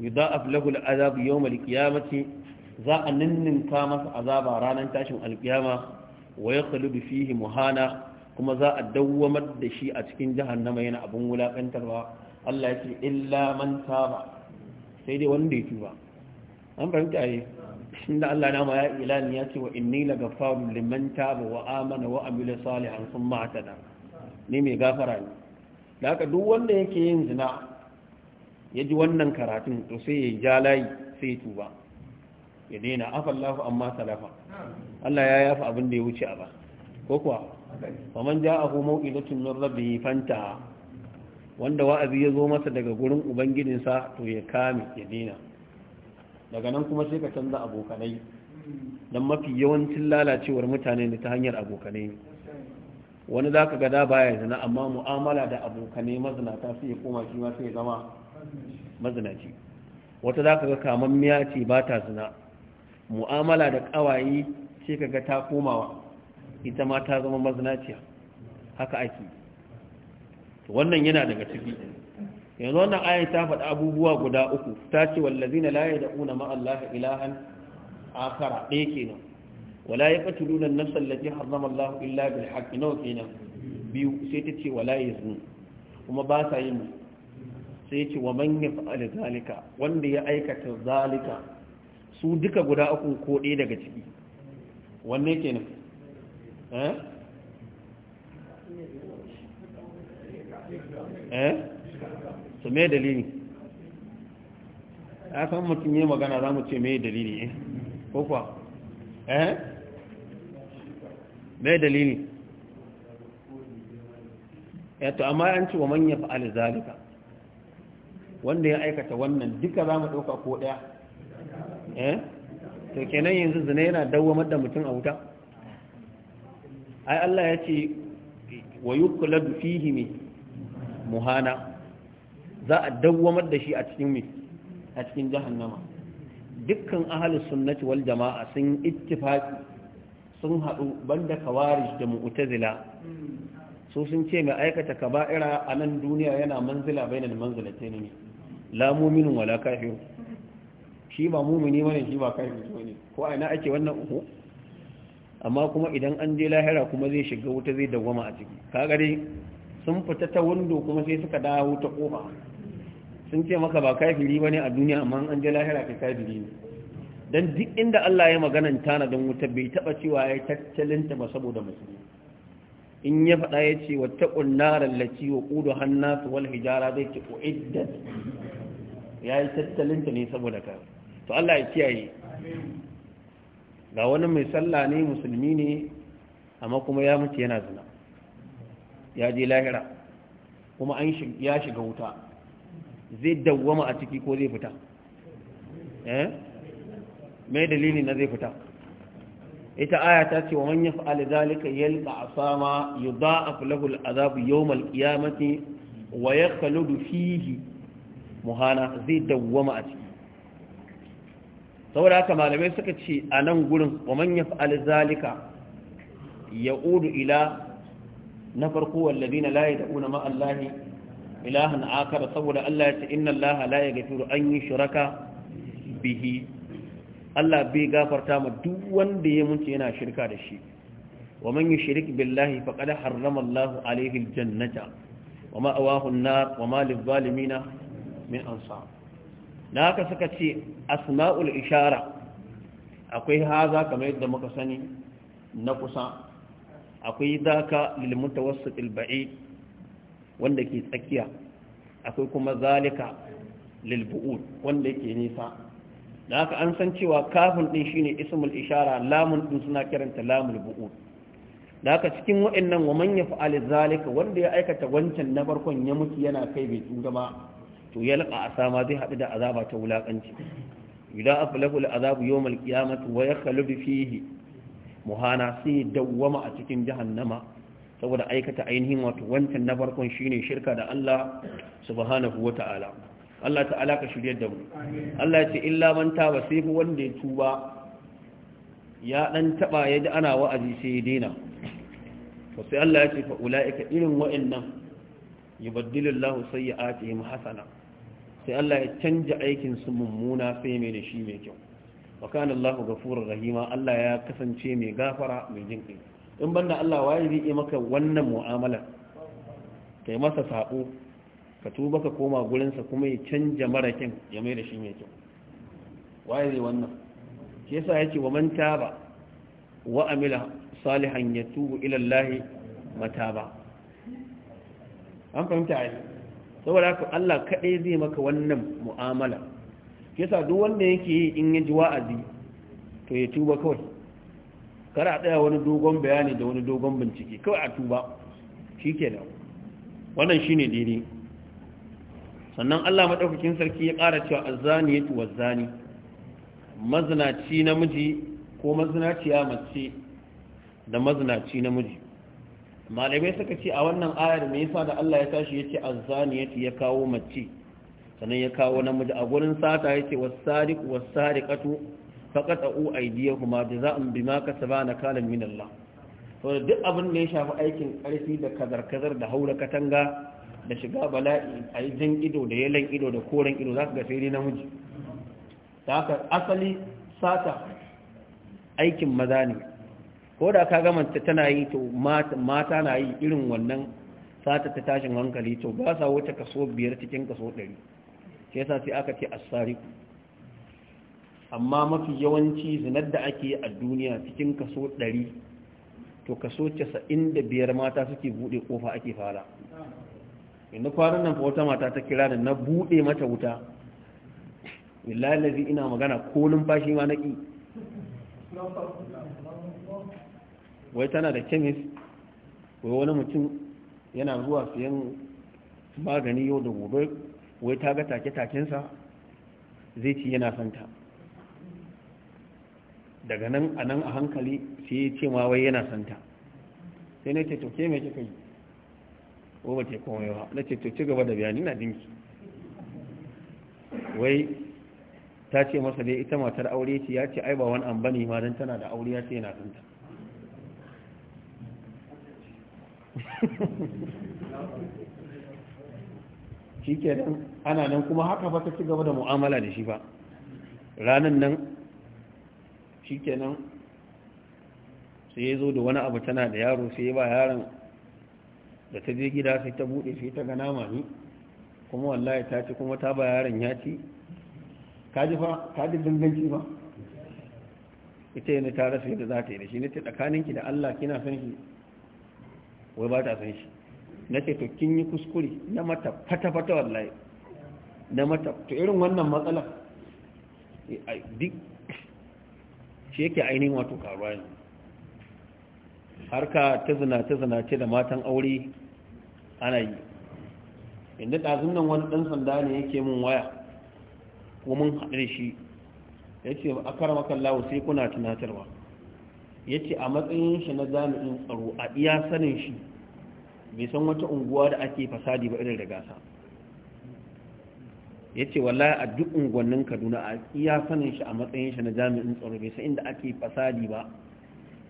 yudha'af lahu al'azab yawm al-qiyamati za a ninninka masa azaba ranar tashin alkiyama wa yakhludu fihi muhana kuma za a dawwamar da shi a cikin jihar jahannama yana abun wulaƙantarwa. Allah ya ce illa man taba sai dai wanda ya tuba an fahimta yi shi da Allah ma ya ilani ya ce wa inni la gafaru liman taba wa amana wa amila salihan sun da ni mai gafara ne da haka duk wanda yake yin zina ya ji wannan karatun to sai ya ja layi sai ya tuba ya daina afallahu amma salafa Allah ya yafa abin da ya wuce a ba ko kuwa man faman ja'ahu maw'idatun min rabbihi fanta. wanda wa'azi ya zo masa daga gurin ubangijinsa to ya kame ya daina daga nan kuma sai ka canza abokanai don mafi yawancin lalacewar mutane ne ta hanyar abokanai wani za ka gada baya zina amma mu'amala da abokanai mazinata sai ya koma shi ma sai zama mazinaci wata za ka ga kaman miya ce ba ta zina mu'amala da ƙawaye sai ka ga ta komawa ita ma ta zama mazinaciya haka ake wannan yana daga ciki yanzu wannan ayar ta faɗi abubuwa guda uku ta ce wallazina la yad'una ma Allah ilahan akara ɗaya kenan wala yaqtuluna na nafs har harrama Allah illa bil haqqi nawa kenan biyu sai ta ce wala yazni kuma ba sa yin sai ce wa man yaf'al zalika wanda ya aikata zalika su duka guda uku ko ɗaya daga ciki wanne kenan eh eh su me dalili ya san mutum yi magana za mu ce me dalili eh? ko kuwa eh me dalili ya eh, to amma an ci wa manya fa'ali zalika wanda ya aikata wannan duka za mu ɗauka ko ɗaya eh to kenan yanzu zina yana dawamar da mutum a wuta ai Allah ya ce wa yukuladu fihi muhana za a dawwamar da shi a cikin mai a cikin jahannama dukkan ahalin sunnati wal jama'a sun ittifaqi sun haɗu banda kawarij da mu'tazila so sun ce mai aikata kaba'ira a nan duniya yana manzila bainal manzilatayn ne la mu'minun wala kafir shi ba mu'mini bane shi ba kafir bane ko aina ake wannan uku amma kuma idan an je lahira kuma zai shiga wuta zai dawwama a ciki kaga sun fita ta wando kuma sai suka dawo ta kofa sun ce maka ba kafiri ba ne a duniya amma an je lahira ka kafiri ne don duk inda Allah ya maganan tanadin wuta bai taɓa cewa ya tattalinta ba saboda musulmi in ya faɗa ya ce wata ƙunnarar lati wa ƙudu hannasu wal hijara zai ce ƙu'iddat ya yi tattalinta ne saboda ka to Allah ya kiyaye ga wani mai sallah ne musulmi ne amma kuma ya mutu yana zina ya je lahira kuma ya shiga wuta zai dawwama a ciki ko zai fita eh mai dalili na zai fita ita aya ta ce wa man yaf'al zalika yalqa asama yudha'af lahu al'azab yawm al-qiyamati wa yakhludu fihi muhana zai dawwama a ciki saboda haka malamai suka ce a nan gurin wa man yaf'al zalika ya'udu ila na farko wallazina la yad'una ma'allahi ilahan akara saboda Allah ya ce inna Allah la yaghfiru an yushraka bihi Allah bai gafarta ma duk wanda ya mutu yana shirka da shi wa man yushrik billahi faqad harrama Allah alayhi aljannata wa ma'awahu an-nar wa ma min ansar na haka suka ce asma'ul ishara akwai haza kamar yadda muka sani na kusa akwai zaka lil mutawassit al-ba'id wanda ke tsakiya akwai kuma zalika lilbu'ud wanda yake nisa da aka an san cewa kafin din shine ismul ishara lamun din suna kiranta lamul bu'ud da aka cikin wa'annan wa man yaf'al zalika wanda ya aikata wancan na farkon ya mutu yana kai bai tsura ba to ya laka asama zai hadu da azaba ta wulakanci idan aflahu al'azabu yawmal qiyamati wa yakhludu fihi muhana sai dawwama a cikin jahannama saboda aikata ainihin wato wancan na farkon shine shirka da Allah subhanahu wata'ala Allah ta'ala ka shirye da mu Allah ya ce illa man taba sai fa wanda ya tuba ya dan taba ya ji ana wa'azi sai ya daina to sai Allah ya ce fa ulaika irin wa'annan yubaddilu Allahu sayyi'atihim hasana sai Allah ya canja aikin su mummuna sai mai da shi mai kyau wa kana Allahu ghafurur rahima Allah ya kasance mai gafara mai jinkai in banda Allah waye zai yi maka wannan mu'amala kai masa sabo ka tuba ka koma gurinsa kuma ya canja marakin ya mai da shi mai kyau waye zai wannan shi yasa yake wa man taba wa amila salihan yatubu ila Allah mataba an fahimta ai saboda haka Allah kadai zai maka wannan mu'amala yasa duk wanda yake yi in ya ji wa'azi to ya tuba kawai kara daya wani dogon bayani da wani dogon bincike kawai a tuba shi ke da wannan shi ne daidai sannan allah maɗaukakin sarki ya ƙara cewa azzani ya tuwa zani mazinaci namiji ko mazinaciya mace da mazinaci namiji malamai suka ce a wannan ayar me yasa da allah ya tashi ya ce azzani ya ya kawo mace sannan ya kawo namiji a gurin sata ya ce wasu wasariƙatu a kuma faqata'u aydiyahuma jaza'an bima na nakalan min Allah to duk abin da ya shafi aikin ƙarfi da kazar-kazar da haura katanga da shiga bala'i a yi jan ido da yalan ido da koren ido za ka ga sai dai namiji ta haka asali sata aikin maza ne ko da ka gama tana yi to mata na yi irin wannan sata ta tashin hankali to ba sa wuce kaso biyar cikin kaso ɗari sai yasa sai aka ce asariku amma mafi yawanci zinar da ake yi a duniya cikin kaso 100 to kaso 95 mata suke bude kofa ake fara inda kwanan nan wata mata ta kira da na bude mata wuta billahi ina magana ko numfashi ma naki wai tana da chemist wai wani mutum yana zuwa siyan magani yau da gobe wai ta ga take-takensa zai ci yana santa daga nan a nan a hankali sai ya ce ma wai yana santa sai na ce to ke mai kika yi ko ba ce komai yawa na ce to ci gaba da bayani na dinki wai ta ce masa dai ita matar aure ce ya ce ai ba wani an bani ma don tana da aure ya ce yana santa shi nan ana nan kuma haka ba ta ci gaba da mu'amala da shi ba ranan nan kenan sai ya zo da wani abu tana da yaro sai ya ba yaron da ta je gida sai ta bude sai ta gana nama ni kuma wallahi ta ci kuma ta ba yaron ya ci ka fa kaji ba ita yana ta rasa yadda za ta yi da shi ne ta tsakaninki da Allah kina san shi wai ba ta san shi na ce to kin yi kuskure na mata fata-fata wallahi na mata to irin wannan matsalar duk shi yake ainihin wato karuwa yanzu harka ta zinace zinace da matan aure ana yi inda ɗazunnan nan wani ɗan sanda ne yake mun waya ko mun haɗu shi ya ce a karamakan lawo sai kuna tunatarwa ya ce a matsayin shi na jami'in tsaro a iya sanin shi bai san wata unguwa da ake fasadi ba irin da gasa ya ce wallahi a duk unguwannin kaduna a iya sanin shi a matsayin shi na jami'in tsaro bai sai inda ake fasadi ba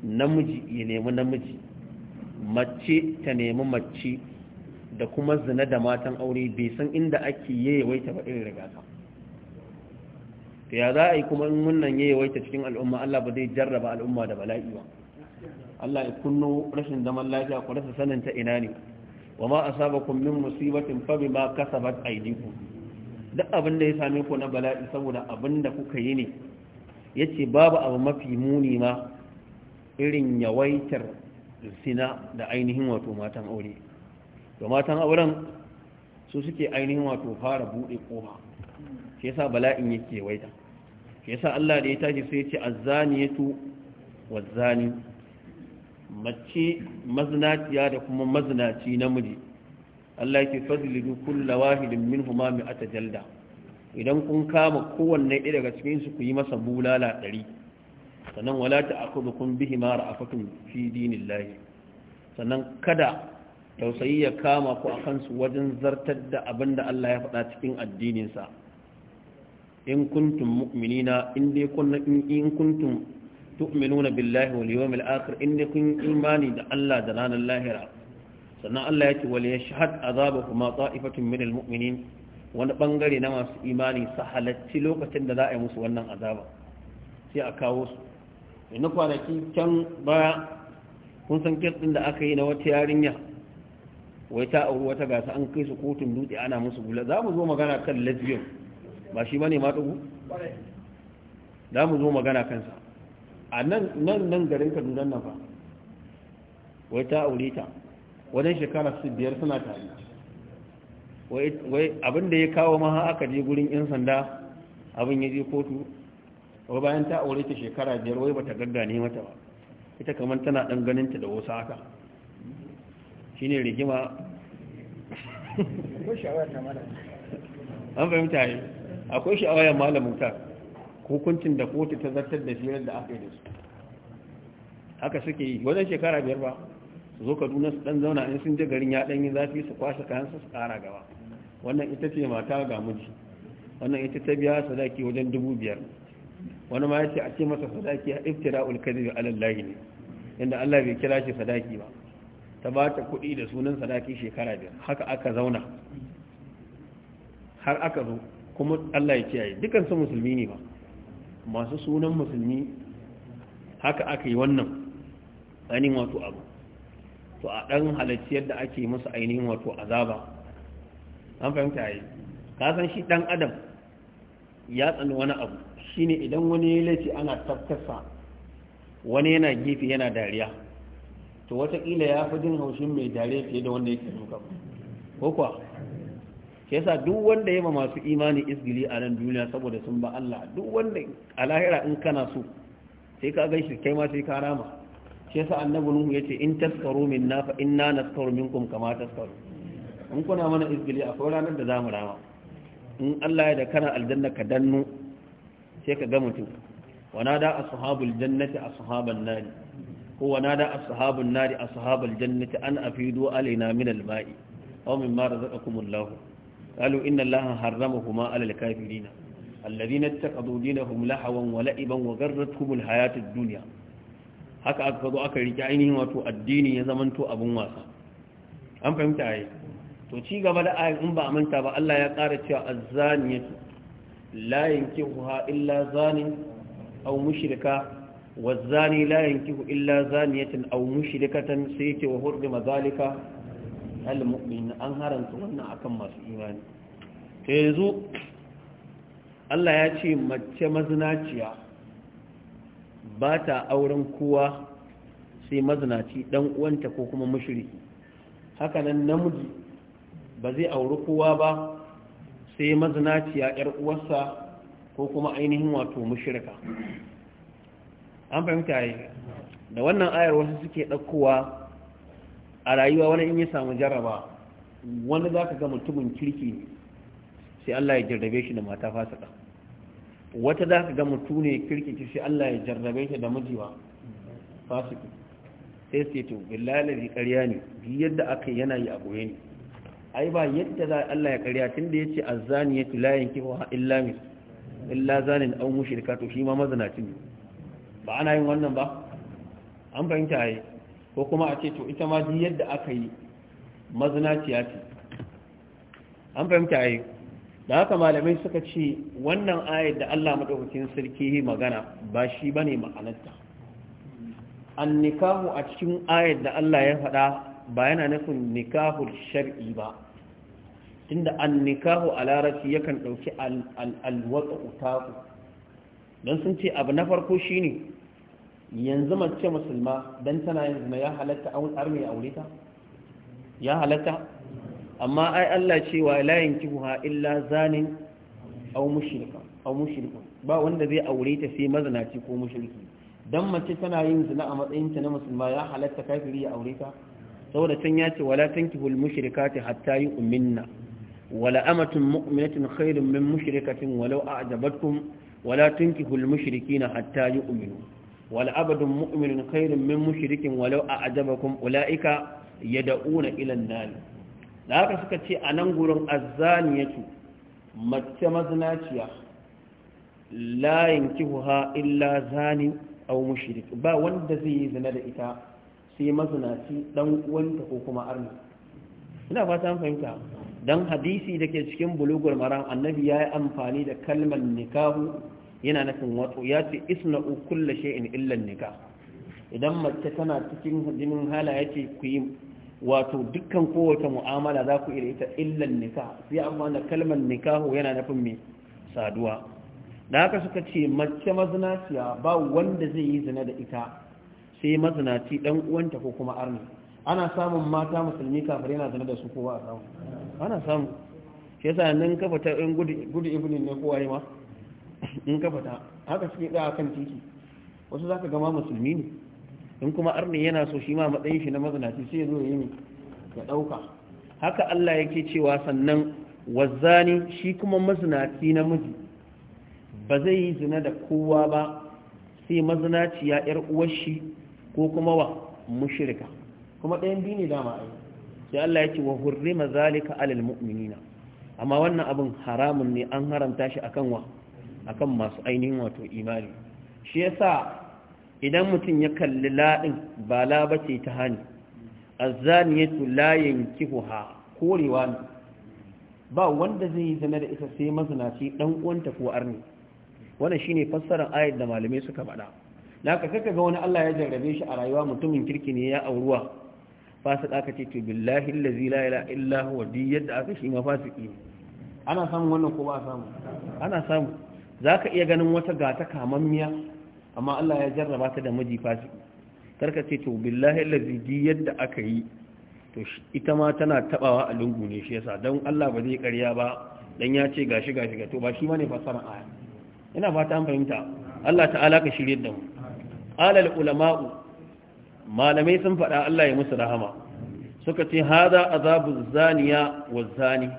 namiji ya nemi namiji mace ta nemi mace da kuma zina da matan aure bai san inda ake yayawaita ba irin rigata ta ya za a yi kuma in wannan yayawaita cikin al'umma allah ba zai jarraba al'umma da bala'i ba allah ya kunno rashin zaman lafiya ku rasa sanin ta ina ne wa ma asabakum min musibatin fa bima kasabat aydikum duk abin da ya same ku na bala'i saboda abin da kuka yi ne ya ce babu abu mafi muni ma irin yawaitar sina da ainihin wato matan aure da matan auren su suke ainihin wato fara buɗe ƙofa shi yasa bala'in yake yawaita shi yasa Allah da ya tashi sai ya ce azzaniyatu wazzani mace mazinaciya da kuma mazinaci namiji Allah yake fadlidu kulla wahidin minhuma a tajalda idan kun kama kowanne ɗaya daga cikin su ku yi masa bulala ɗari sannan wala kun bihi ma ra'afatun fi dinillahi sannan kada tausayi ya kama ku a su wajen zartar da abin da Allah ya faɗa cikin addininsa in kuntum mu'minina in dai kun in kuntum tu'minuna billahi wal yawmil akhir in kun imani da Allah da ranar lahira sannan Allah ya ce ya wal yashhad azabahuma ta'ifatun min almu'minin wani bangare na masu imani su halacci lokacin da za a yi musu wannan azaba sai a kawo su ina kwanaki can baya kun san kirɗin da aka yi na wata yarinya wai ta auri wata gasa an kai su kotun dutse ana musu gula za mu zo magana kan lesbian ba shi bane ma dubu za mu zo magana kansa a nan nan garin kaduna nan fa wai ta aure ta wajen shekara su biyar suna tare wai abin da ya kawo maha aka je gurin yan sanda abin ya je kotu wai bayan ta aure ta shekara biyar wai bata gaggane mata ba ita kamar tana dan ganinta da wasu haka shine rigima an fahimta yi akwai sha'awar malamin ta hukuncin da kotu ta zartar da firar da aka yi da su haka suke yi wajen shekara biyar ba su zo kaduna su dan zauna in sun je garin ya dan yi zafi su kwashe kayan su kara gaba wannan ita ce mata ga miji wannan ita ta biya sadaki wajen dubu biyar wani ma ya ce a ce masa sadaki a iftira'ul kadhibi ala allahi ne inda Allah bai kira shi sadaki ba ta ba ta kuɗi da sunan sadaki shekara biyar haka aka zauna har aka zo kuma Allah ya kiyaye dukansu musulmi ne ba masu sunan musulmi haka aka yi wannan ainihin wato abu to a ɗan halarci yadda ake musu ainihin wato azaba an fahimta yi Ka san shi ɗan adam ya tsani wani abu shine idan wani ya laifi ana tafkasa wani yana gefe yana dariya to wataƙila ya fi jin haushin mai dariya fiye da wanda yake nuka ko kuwa ke sa duk wanda ya ma masu imani isgili a nan duniya saboda sun ba Allah duk wanda a lahira in kana so sai ka gan shi kai ma sai ka rama shi yasa annabi nuhu yace in taskaru minna fa inna naskaru minkum kama taskaru in kuna mana izgili akwai ranar da zamu rama in Allah ya da kana aljanna ka dannu sai ka ga mutum wa nada ashabul jannati ashaban nar ko wa nada ashabun nar ashabul jannati an afidu alaina min alba'i aw mimma razaqakumullahu قالوا إن الله حرمهما على الكافرين الذين اتخذوا دينهم لهوا ولعبا وغرتهم الحياة الدنيا haka aka zo aka rike ainihin wato addini ya zama abin wasa an fahimta yi to ci gaba da ayin in ba a manta ba Allah ya ƙara cewa azzani ya su layin kihu ha illa zani au wa zani layin kihu illa zani tun au mushirka sai yake wa mazalika al-mu'min an haranta wannan akan masu imani ta yanzu Allah ya ce mace mazinaciya ba ta auren kowa sai mazinaci dan uwanta ko kuma Haka hakanan namiji ba zai auri kowa ba sai mazinaciya yar uwarsa ko kuma ainihin wato shirka. an fahimta yi da wannan ayar wasu suke ɗaukowa a rayuwa wani in yi samu jaraba. wani za ka ga mutumin kirki sai Allah ya jarrabe shi da mata fasika wata za ka gama mutu ne kirkici sai Allah ya jarrabe ta da mijiwa fasiki sai sai to billahi ƙarya ne bi yadda aka yana yi a goye ne ai ba yadda za Allah ya ƙarya tun da yace azzani tilayin la yankihu illa mis illa zanin aw mushrika to shi ma mazana ne ba ana yin wannan ba an fahimta ai ko kuma a ce to ita ma bi yadda aka yi ya ce an fahimta ai da haka malamai suka ce wannan ayar da Allah madaukakin sarki magana ba shi bane ma'anarta an nikahu a cikin ayar da Allah ya faɗa ba yana nufin nikahu shar'i ba tunda an nikahu a larabci yakan ɗauki alwatsa utaku don sun ce abu na farko shine yanzu mace musulma don tana yanzu ya halatta aure ta ya halatta amma ai Allah cewa la yankihuha illa zanin aw mushrika aw mushrikun ba wanda zai aure ta sai mazanaci ko mushriki dan mace tana yin zina a matsayin ta na musulma ya halatta kafiri ya aure ta saboda can ya ce wala tankihul mushrikati hatta yu'minna wala amatun mu'minatin khairun min mushrikatin walau a'jabatkum wala tankihul mushrikina hatta yu'minu wala abadun mu'minun khairun min mushrikin walau a'jabakum ulaika yad'una ila an-nar da haka suka ce a nan gurin ya ce mace mazinaciya layin yankihuha illa zani aw mushrik ba wanda zai yi zina da ita sai mazinaci dan uwanta ko kuma arni ina fata fahimta dan hadisi ke cikin bulugul maram annabi yayi amfani da kalmar nikahu yana nufin wato ya ce isna'u shi shay'in illan nikah idan mace tana cikin jinin hala yace ku yi wato dukkan kowace mu'amala za ku iya ita illan nikah sai amma na kalmar nikahu yana nufin mai saduwa da haka suka ce mace mazinaciya ba wanda zai yi zina da ita sai mazinaci dan uwanta ko kuma arni ana samun mata musulmi kafir yana zina da su kowa a samu ana samu shi yasa nan ka fita in gudu ibnin ne kowa ma in ka fita haka suke da kan titi wasu zaka ka gama musulmi ne in kuma arni yana so shi ma matsayin shi na mazinaci sai zo yi ya ɗauka. haka Allah yake cewa sannan wazzani shi kuma mazinaci namiji ba zai yi zina da kowa ba sai mazinaci ya yar uwar shi ko kuma wa mushrika kuma ɗayan biyu ne dama ai sai Allah ya ce wa hurrima zalika alal mu'minina amma wannan abin haramun ne an haramta shi akan wa akan masu ainihin wato imani shi yasa idan mutum ya kalli la'in ba la ce ta hani layin la ha, korewa ne ba wanda zai yi zane da ita sai mazinaci dan uwanta ko arni wannan shine fassarar ayat da malamai suka faɗa da ka kaka ga wani Allah ya jarrabe shi a rayuwa mutumin kirki ne ya auruwa fasik aka ce to billahi allazi la ilaha illa huwa di yadda aka shi ma fasiki ana samun wannan ko ba samu ana samu zaka iya ganin wata gata kamammiya amma Allah ya jarraba ta da miji fasiki karka ce to billahi allazi yadda aka yi to ita ma tana tabawa a lungu ne shi yasa don Allah ba zai ƙarya ba dan ya ce gashi gashi ga to ba shi bane fasaran aya ina fata an fahimta Allah ta'ala ka shirye da mu alal ulama'u malamai sun faɗa Allah ya musu rahama suka ce hada azabu zaniya wa zani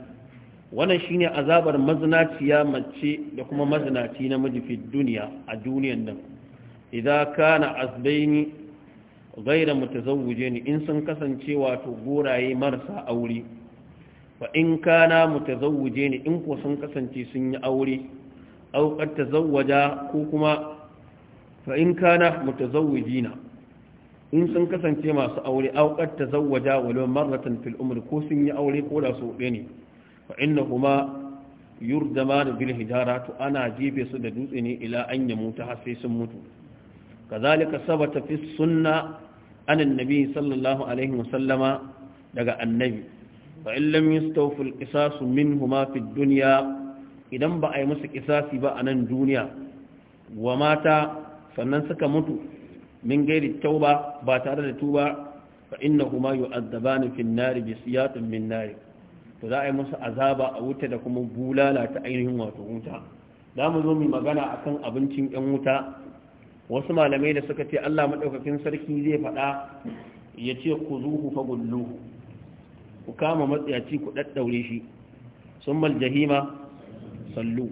wannan shine azabar mazinaciya mace da kuma mazinaci namiji fi duniya a duniyan nan idan kana asbaini gaira mutazawwije ni in sun kasance wato goraye marasa aure fa in kana mutazawwije ni in ko sun kasance sun yi aure aw qad tazawwaja ko kuma fa in kana mutazawwijina in sun kasance masu aure aw qad tazawwaja walaw marratan fil umr ko sun yi aure ko da su ɗaya ne fa innahuma yurdama bil hijara to ana jefe su da dutse ne ila an yamuta har sai sun mutu kazalika sabata fi sunna an annabi sallallahu alaihi daga annabi fa in lam yastawfu al-qisas minhuma fi dunya idan ba a yi musu kisasi ba a nan duniya wa mata sannan suka mutu min gairi tauba ba tare da tuba fa innahuma bani finnari an-nar bi siyatin min nar to za a yi musu azaba a wuta da kuma bulala ta ainihin wato wuta da mu zo mu magana akan abincin yan wuta wasu malamai da suka ce Allah maɗaukakin sarki zai faɗa ya ce ku zuhu fa gullu ku kama matsayaci ku ɗaɗɗaure shi sun mal jahima sallu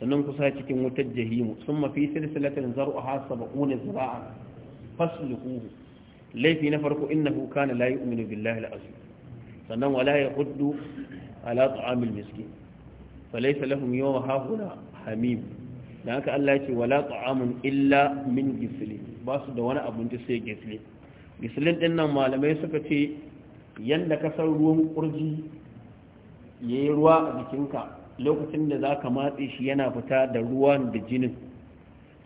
sannan ku sa cikin wutar jahimu sun mafi silsilatin zar'uha saba'una zira'a fasluhu laifi na farko innahu kana layi yu'minu billahi la'azu. sannan wala yahuddu ala ta'amil miskin falaysa lahum yawma hahuna hamim da haka Allah yake ce wala ta'amun illa min gisli ba su da wani abinci sai gisli gislin din nan malamai suka ce yanda ka san ruwan kurji yayi ruwa a jikinka lokacin da zaka matse shi yana fita da ruwan da jinin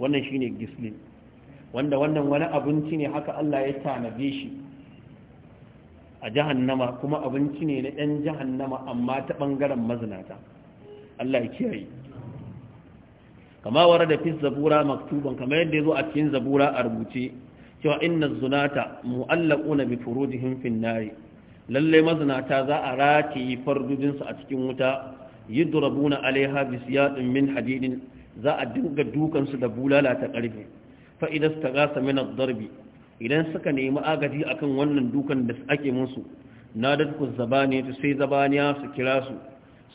wannan shine gisli wanda wannan wani abinci ne haka Allah ya tanaje shi a jahannama kuma abinci ne na ɗan jahannama amma ta ɓangaren mazinata Allah ya kiyaye kama wara da fi zabura maktuban kamar yadda ya zo a cikin zabura a rubuce cewa inna zunata mu'allaquna bi furujihim fin nari lalle mazinata za a rataye fardujinsu a cikin wuta yudrabuna alaiha bi siyadin min hadidin za a dinga dukansu da bulala ta karfe fa idan gasa min zarbi darbi idan suka nemi agaji akan wannan dukan da ake musu nadatku zabani to sai zabaniya su kira su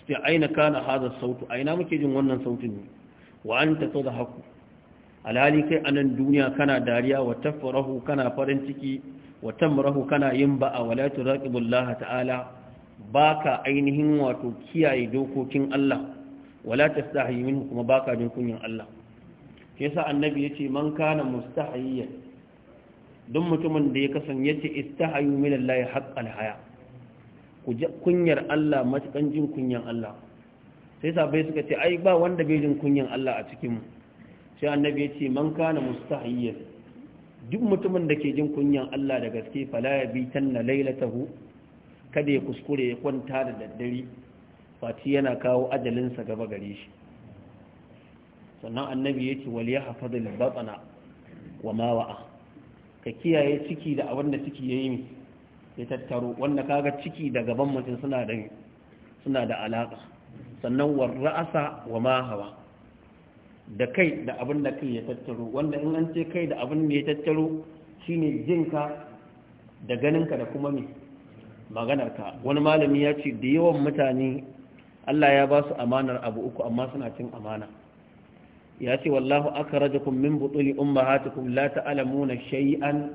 su aina kana hada sautu aina muke jin wannan sautin ne wa anta haku. alhali kai anan duniya kana dariya wa tafarahu kana farin ciki wa tamrahu kana yin ba'a wa la turaqibullah ta'ala baka ainihin wato kiyaye dokokin Allah wala tastahi minhu kuma baka jin kunyan Allah ke sa annabi yace man kana mustahiyyan duk mutumin da ya kasance istahayu min Allah haqqal haya ku kunyar Allah matakan jin kunyan Allah sai sabai suka ce ai ba wanda bai jin kunyan Allah a cikin mu sai annabi ya ce man kana mustahiyyan duk mutumin da ke jin kunyan Allah da gaske fala ya bi tanna lailatahu kada ya kuskure ya kwanta da daddare fati yana kawo ajalinsa gaba gare shi sannan annabi ya ce wal yahfazil batna wa ma wa'a ka kiyaye ciki da abin da ciki yayi ya tattaro wanda kaga ciki da gaban mutum suna da suna da alaka sannan war ra'asa wa ma hawa da kai da abin da kai ya tattaro wanda in an ce kai da abin da ya tattaro shine jinka da ganinka da kuma mai maganarka wani malami ya ce da yawan mutane Allah ya ba su amanar abu uku amma suna cin amana ya ce wallahu akhrajakum min butuni ummahatikum la ta'lamuna shay'an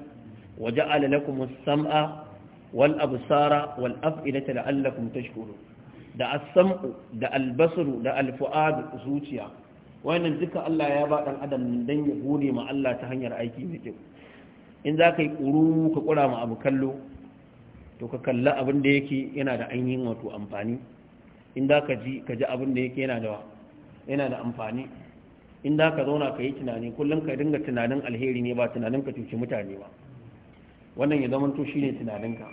wa ja'ala lakum as-sam'a wal absara wal af'idata la'allakum tashkurun da asam'u da Albasru, da al zuciya wannan duka Allah ya ba dan adam dan ya gode ma Allah ta hanyar aiki mai kyau in za ka yi kuru ka kura ma abu kallo to ka kalla abin da yake yana da ainihin wato amfani in za ka ji ka ji abin da yake yana da yana da amfani in za ka zauna ka yi tunani kullum ka dinga tunanin alheri ne ba tunanin ka cuci mutane ba wannan ya to shine tunaninka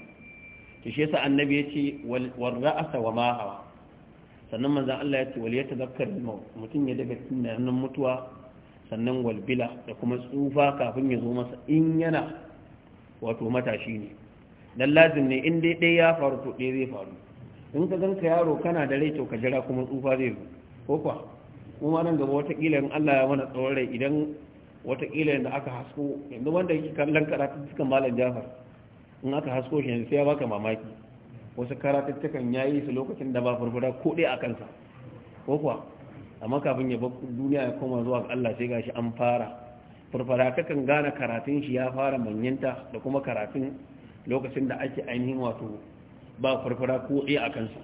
to shi yasa annabi yace wal ra'sa wa ma hawa sannan manzon Allah yace wal yatadhakkar mutum ya daga tunanin mutuwa sannan wal bila da kuma tsufa kafin ya zo masa in yana wato matashi ne dan lazim ne in dai dai ya faru to dai zai faru in ka ganka yaro kana da rai to ka jira kuma tsufa zai zo ko kwa kuma nan gaba kila in Allah ya mana tsoron idan kila da aka hasko yanzu wanda yake kallon karatu cikin malam Jafar in aka hasko shi yanzu sai ya baka mamaki wasu karatattakan ya yi su lokacin da ba furfura ko dai a kansa ko kuwa amma kafin ya bar duniya ya koma zuwa ga Allah sai gashi an fara furfura kakan gane karatun shi ya fara manyanta da kuma karatun lokacin da ake ainihin wato ba furfura ko dai a kansa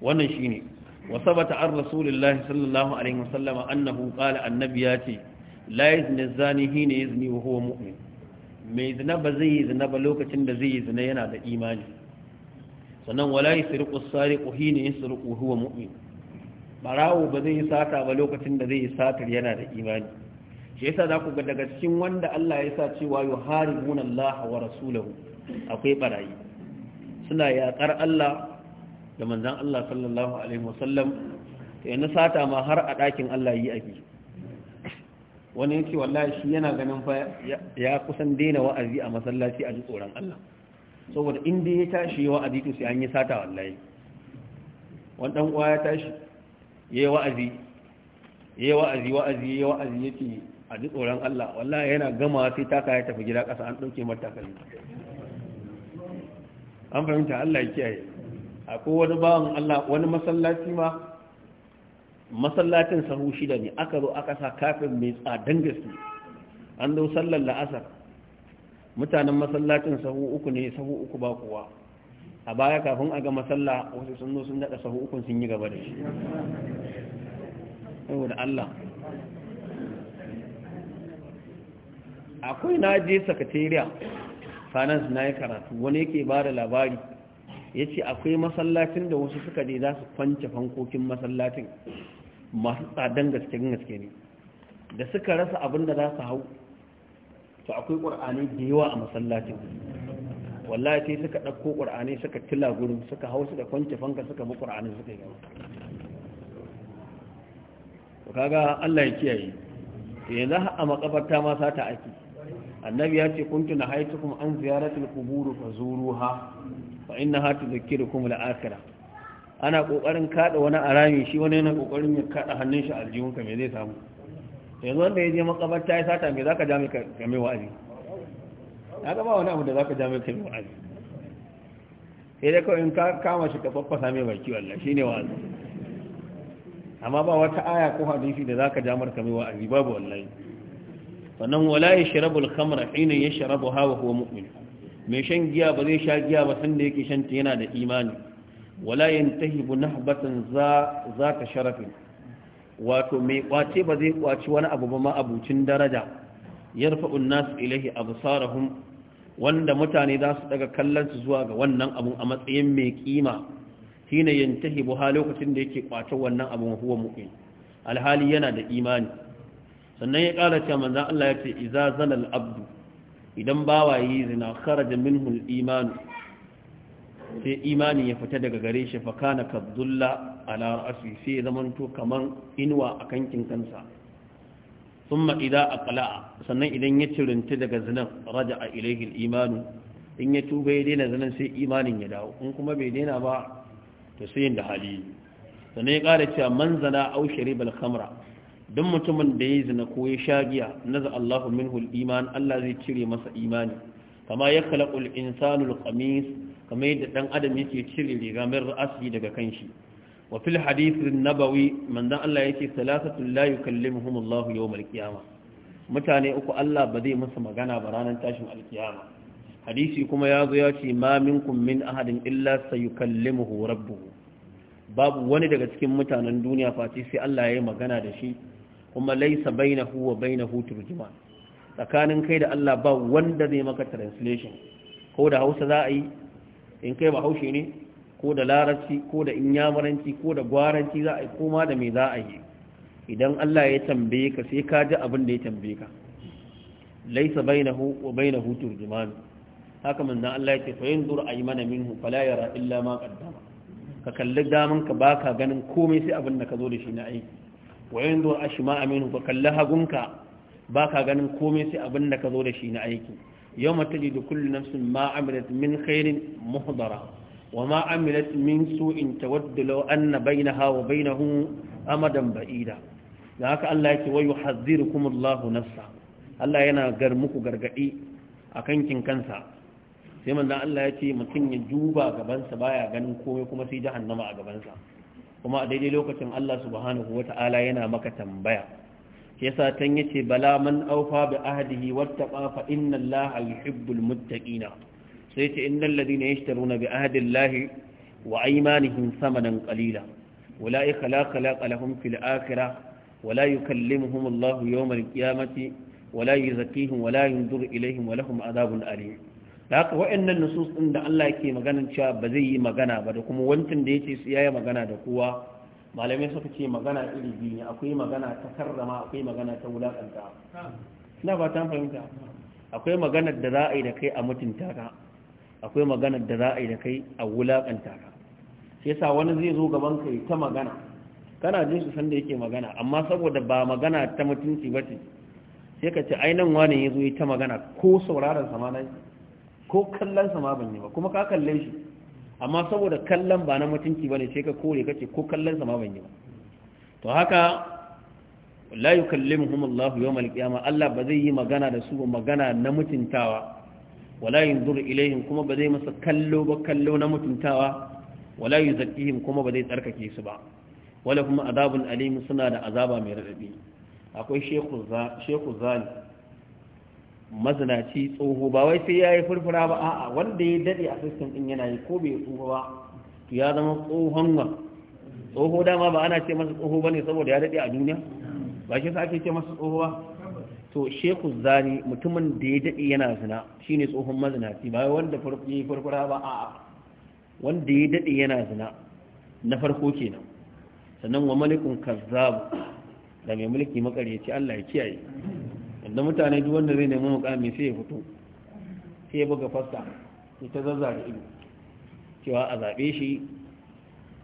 wannan shine wa sabata an rasulullahi sallallahu alaihi wasallama annahu qala annabi ya ce la yazni zani hina yazni wa huwa mu'min mai zina ba zai yi zina ba lokacin da zai yi zina yana da imani sannan wala yi yasriqu as-sariqu su yasriqu huwa mu'min barawo ba zai yi sata ba lokacin da zai yi satar yana da imani shi yasa za ku ga daga cikin wanda Allah ya sa cewa yuharibuna Allah wa rasulahu akwai barayi suna yaƙar Allah da manzan Allah sallallahu alaihi wasallam yi Na sata ma har a ɗakin Allah yi a biyu. wani yake wallahi shi yana ganin fa ya kusan daina wa'azi a masallaci a ji tsoron Allah saboda in dai ya tashi wa'azi to sai an yi sata wallahi wani dan uwa ya tashi yayi wa'azi yayi wa'azi wa'azi yayi wa'azi yake a ji tsoron Allah wallahi yana gama sai taka ya tafi gida kasa an dauke mata kalli an fahimta Allah ya kiyaye akwai wani bawan Allah wani masallaci ma masallacin sahu shida ne aka zo aka sa kafin mai tsadan gaske an zo sallar la'asar mutanen masallacin sahu uku ne sahu uku ba kuwa a baya kafin a ga masalla wasu sun zo sun daɗa sahu uku sun yi gaba da shi saboda Allah akwai na je sakatariya finance na yi karatu wani yake ba da labari ya ce akwai masallacin da wasu suka ne za su kwance fankokin masallacin masu tsadan gaske gaske ne da suka rasa abin da za su hau to akwai ƙur'ani da yawa a masallacin wallahi sai suka ɗauko ƙur'ani suka tila gurin suka hau su da kwance fanka suka bi ƙur'ani suka yi gaba to kaga Allah ya kiyaye to yanzu a makabarta ma sata aiki annabi ya ce kuntu na haitukum an ziyaratul qubur zuruha. fa inna ha tuzakkirukum al-akhirah ana kokarin kada wani arami shi wani yana kokarin ya kada hannun shi aljihun ka me zai samu yanzu wanda ya je makabarta ya sata me zaka ja mai ka mai wa'azi ya ga ba wani abu da zaka ja mai ka mai wa'azi sai dai kawai in ka kama shi ka faffasa mai baki wallahi shine wa'azi amma ba wata aya ko hadisi da zaka ja ka mai wa'azi babu wallahi sannan wala yashrabu al-khamra hina yashrabuha wa huwa mu'min mai shan giya ba zai sha giya ba sanda yake shanta yana da imani wala yantahibu nahbatan za za ta sharafin wato mai kwace ba zai kwaci wani abu ba ma abucin daraja yarfa'un nas ilahi absarahum wanda mutane za su daga kallon su zuwa ga wannan abu a matsayin mai kima hina yantahibu ha lokacin da yake kwace wannan abun huwa mu'min alhali yana da imani sannan ya kara cewa manzon Allah ya ce iza zalal abdu idan bawa yi zina kharaja minhu al-iman sai imani ya fita daga gare shi fa kana kabdulla ala ra'si sai zaman to kaman inwa akan kin kansa thumma idza aqla sannan idan ya cirinta daga zina raja'a ilayhi al-iman in ya tuba ya daina zinan sai imanin ya dawo in kuma bai daina ba to sai da hali sannan ya kara cewa man zana aw shariba al-khamra duk mutumin da ya zina ko ya shagiya naza Allah minhu al-iman Allah zai cire masa imani kama ya khalaqu al-insanu al kama yadda dan adam yake cire riga mai ra'asi daga kanshi wa fil hadith an-nabawi manzon Allah yake salasatu la yukallimuhum Allah yawm al-qiyama mutane uku Allah ba zai musu magana ba ranar tashin al-qiyama hadisi kuma ya zo ya ce ma minkum min ahadin illa sayukallimuhu rabbuhu babu wani daga cikin mutanen duniya face sai Allah ya yi magana da shi kuma laisa bainahu wa bainahu turjuma tsakanin kai da Allah ba wanda zai maka translation ko da Hausa za a yi in kai bahaushe ne ko da Larabci ko da Inyamuranci ko da Gwaranci za a yi koma da me za a yi idan Allah ya tambaye ka sai ka ji abin da ya tambaye ka laisa bainahu wa bainahu turjuman haka manzon Allah ya ce fa yanzur aymana minhu fala yara illa ma qaddama ka kalli daman ka baka ganin komai sai abin da ka zo da shi na aiki wayan zuwa shima aminu ba kalli hagunka ba ka ganin komai sai abin da ka zo da shi na aiki yau matali da kullu nafsin ma amilat min khairin muhdara wa ma amilat min su'in tawaddu law anna bainaha wa bainahu amadan ba'ida da haka Allah yake wa kuma Allahu nafsa Allah yana gar muku gargadi a kin kansa sai manzan Allah ya ce mutum ya duba gabansa baya ganin komai kuma sai jahannama a gabansa kuma a daidai lokacin Allah subhanahu wata'ala yana maka tambaya shi yasa tan yace bala man aufa bi ahdihi wattaqa fa inna Allaha yuhibbul muttaqina sai yace innal ladina yashtaruna bi ahdi Allahi wa aymanihim samanan qalila wala la khalaqa lahum fil akhirah ولا يكلمهم الله يوم القيامة ولا wala ولا ينظر إليهم ولهم عذاب أليم da haka wa'annan nusus ɗin da Allah yake maganin cewa ba zai yi magana ba da kuma wancan da yake su yaya magana da kowa malamai suka ce magana iri biyu akwai magana ta karrama akwai magana ta wulakanta ina ba ta fahimta akwai magana da za a yi da kai a mutunta ka akwai magana da za a yi da kai a wulakanta ka shi yasa wani zai zo gaban kai ta magana kana jin su san da yake magana amma saboda ba magana ta mutunci ba ce sai ka ce ainihin nan wani ya zo ta magana ko sauraron sa ma na ko kallonsa ma ban yi ba kuma ka kalle shi amma saboda kallon ba na mutunci ba ne sai ka kore kace ko kallonsa ma ban yi ba to haka la yukallimuhum Allah yawm al-qiyamah Allah ba zai yi magana da su magana na mutuntawa wala yanzur ilaihim kuma ba zai masa kallo ba kallo na mutuntawa wala yuzakkihim kuma ba zai tsarkake su ba wala kuma azabin alim suna da azaba mai radadi akwai shekhu za shekhu zali mazinaci tsoho ba wai sai ya yi furfura ba a'a wanda ya daɗe a sistem ɗin yana yi ko bai tsoho ba to ya zama tsohon wa tsoho dama ba ana ce masa tsoho ba ne saboda ya daɗe a duniya ba shi sa ake ce masa tsoho ba to sheku zani mutumin da ya daɗe yana zina shine tsohon mazinaci ba wanda ya yi furfura ba a'a wanda ya daɗe yana zina na farko kenan sannan wa malikun kazzab da mai mulki makaryaci Allah ya kiyaye inda mutane duk wanda zai nemi mukami sai ya fito sai ya buga fasta ya ta da ido cewa a zaɓe shi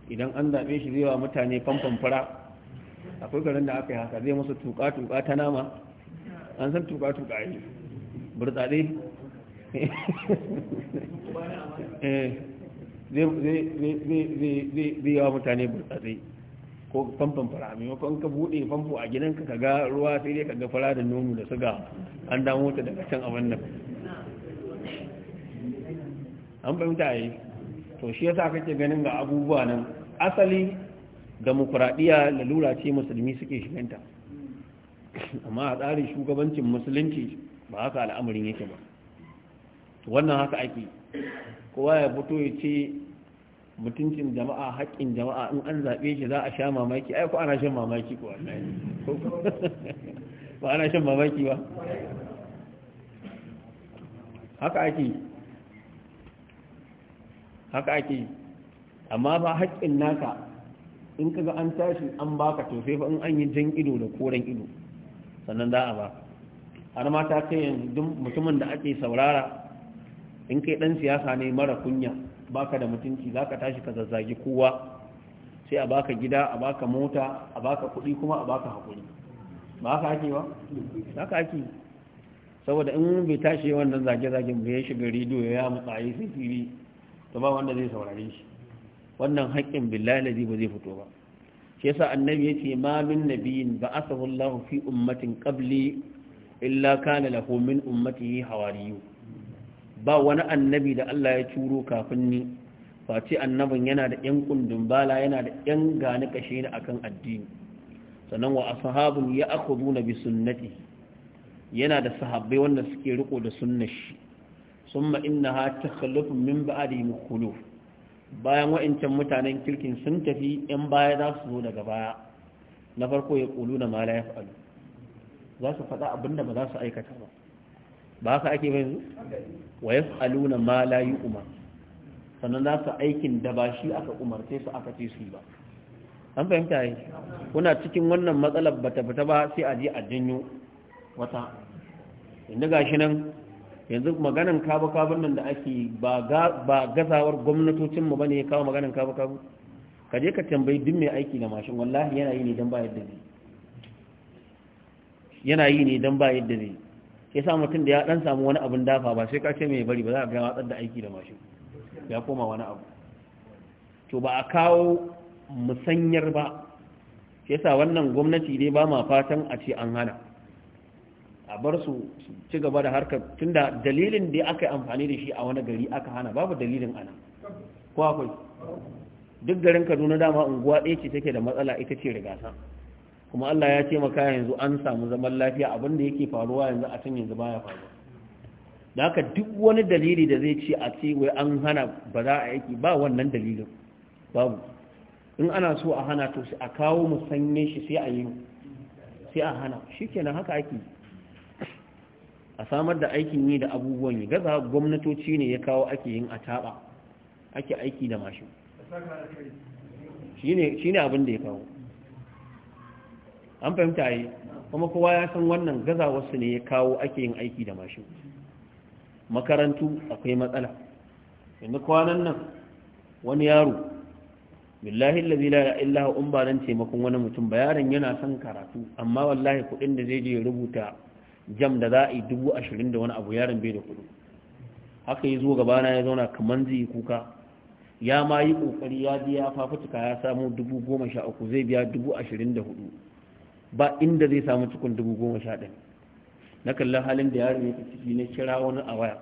idan an zaɓe shi zai wa mutane famfan fara akwai garin da aka yi haka zai musu tuka-tuka ta nama an san tuka-tuka yi burtsatse eh, zai yi wa mutane burtsatse ko famfan fara maimakon ka buɗe famfo a gidanka ka ga ruwa sai dai ka ga fara da nono da suga an damu ta daga can a wannan an fahimta yi to shi yasa kake ganin ga abubuwa nan asali demokuraɗiyya lalura ce musulmi suke shiganta amma a tsarin shugabancin musulunci ba haka al'amarin yake ba wannan haka ake kowa ya fito ya ce mutuncin jama'a haƙƙin jama'a in an zaɓe shi za a sha mamaki ai ko ana shan mamaki ko ba ana shan mamaki ba haka ake haka ake amma ba haƙƙin naka in ka ga an tashi an baka to sai fa in an yi jan ido da koren ido sannan za a ba har ma ta kai yanzu mutumin da ake saurara in kai dan siyasa ne mara kunya baka da mutunci zaka tashi ka zazzagi kowa sai a baka gida a baka mota a baka kuɗi kuma a baka hakuri ba haka ake ba haka ake saboda in bai tashi wannan zage-zagen bai ya shiga rediyo ya mutsaye sai fili to ba wanda zai saurare shi wannan haƙƙin billahi lazi ba zai fito ba shi yasa annabi yace ma min nabiyin ba asahu Allah fi ummatin qabli illa kana lahu min ummatihi hawariyu ba wani annabi da Allah ya turo kafin ni face annabin yana da yan kundin bala yana da yan gani kashe ni akan addini sannan wa ashabun ya akhuduna bi sunnati yana da sahabbai wanda suke riko da sunnar shi summa innaha takhlufu min ba'di mukhluf bayan wa'incan mutanen kirkin sun tafi yan baya za su zo daga baya na farko ya kuluna ma la yaf'alu za su faɗa abinda ba za su aikata ba ba haka ake mai wa ya yas'aluna ma layi Umar? sannan za su aikin da ba shi aka umarce su aka ce su ba an fahimta yi kuna cikin wannan matsalar bata fita ba sai a je a janyo wata inda shi nan yanzu maganin kabu-kabun nan da ake ba gazawar gwamnatocinmu ba ne ya kawo maganin kabu-kabu ka je ka tambayi duk mai aiki da mashin wallahi yi don ba yadda yana yi ne don ba yadda zai ke sa mutum da ya dan samu wani abin dafa ba sai ka ce mai bari ba za a ga watsar da aiki da mashin ya koma wani abu to ba a kawo musanyar ba ke sa wannan gwamnati dai ba ma fatan a ce an hana a bar su ci gaba da harkar tunda dalilin da aka yi amfani da shi a wani gari aka hana babu dalilin ana ko akwai duk garin kaduna dama unguwa ɗaya ce take da matsala ita ce rigasa kuma Allah ya ce taimaka yanzu an samu zaman lafiya abinda yake faruwa yanzu a can yanzu baya faruwa da haka duk wani dalili da zai ce a ce wai an hana ba za a yake ba wannan dalilin babu in ana so a hana to a kawo mu sanye shi sai a yi sai a hana shi kenan haka ake a samar da aikin yi da abubuwan yi gaza gwamnatoci ne ya kawo ake yin a taɓa ake aiki da mashin shi ne abin da ya kawo an fahimta a yi kuma kowa ya san wannan gazawarsu ne ya kawo ake yin aiki da mashin makarantu akwai matsala yanzu kwanan nan wani yaro billahi lalzi la ilaha in ba nan taimakon wani mutum ba yaron yana son karatu amma wallahi kuɗin da zai je rubuta jam da za a yi dubu ashirin da wani abu yaron bai da kudu haka ya zo gabana ya zauna kamar zai yi kuka ya ma yi kokari ya biya fafutuka ya samu dubu goma sha uku zai biya dubu ashirin da hudu ba inda zai samu cikin dubu goma sha ɗaya na kallon halin da yaron yake ciki na kira wani a waya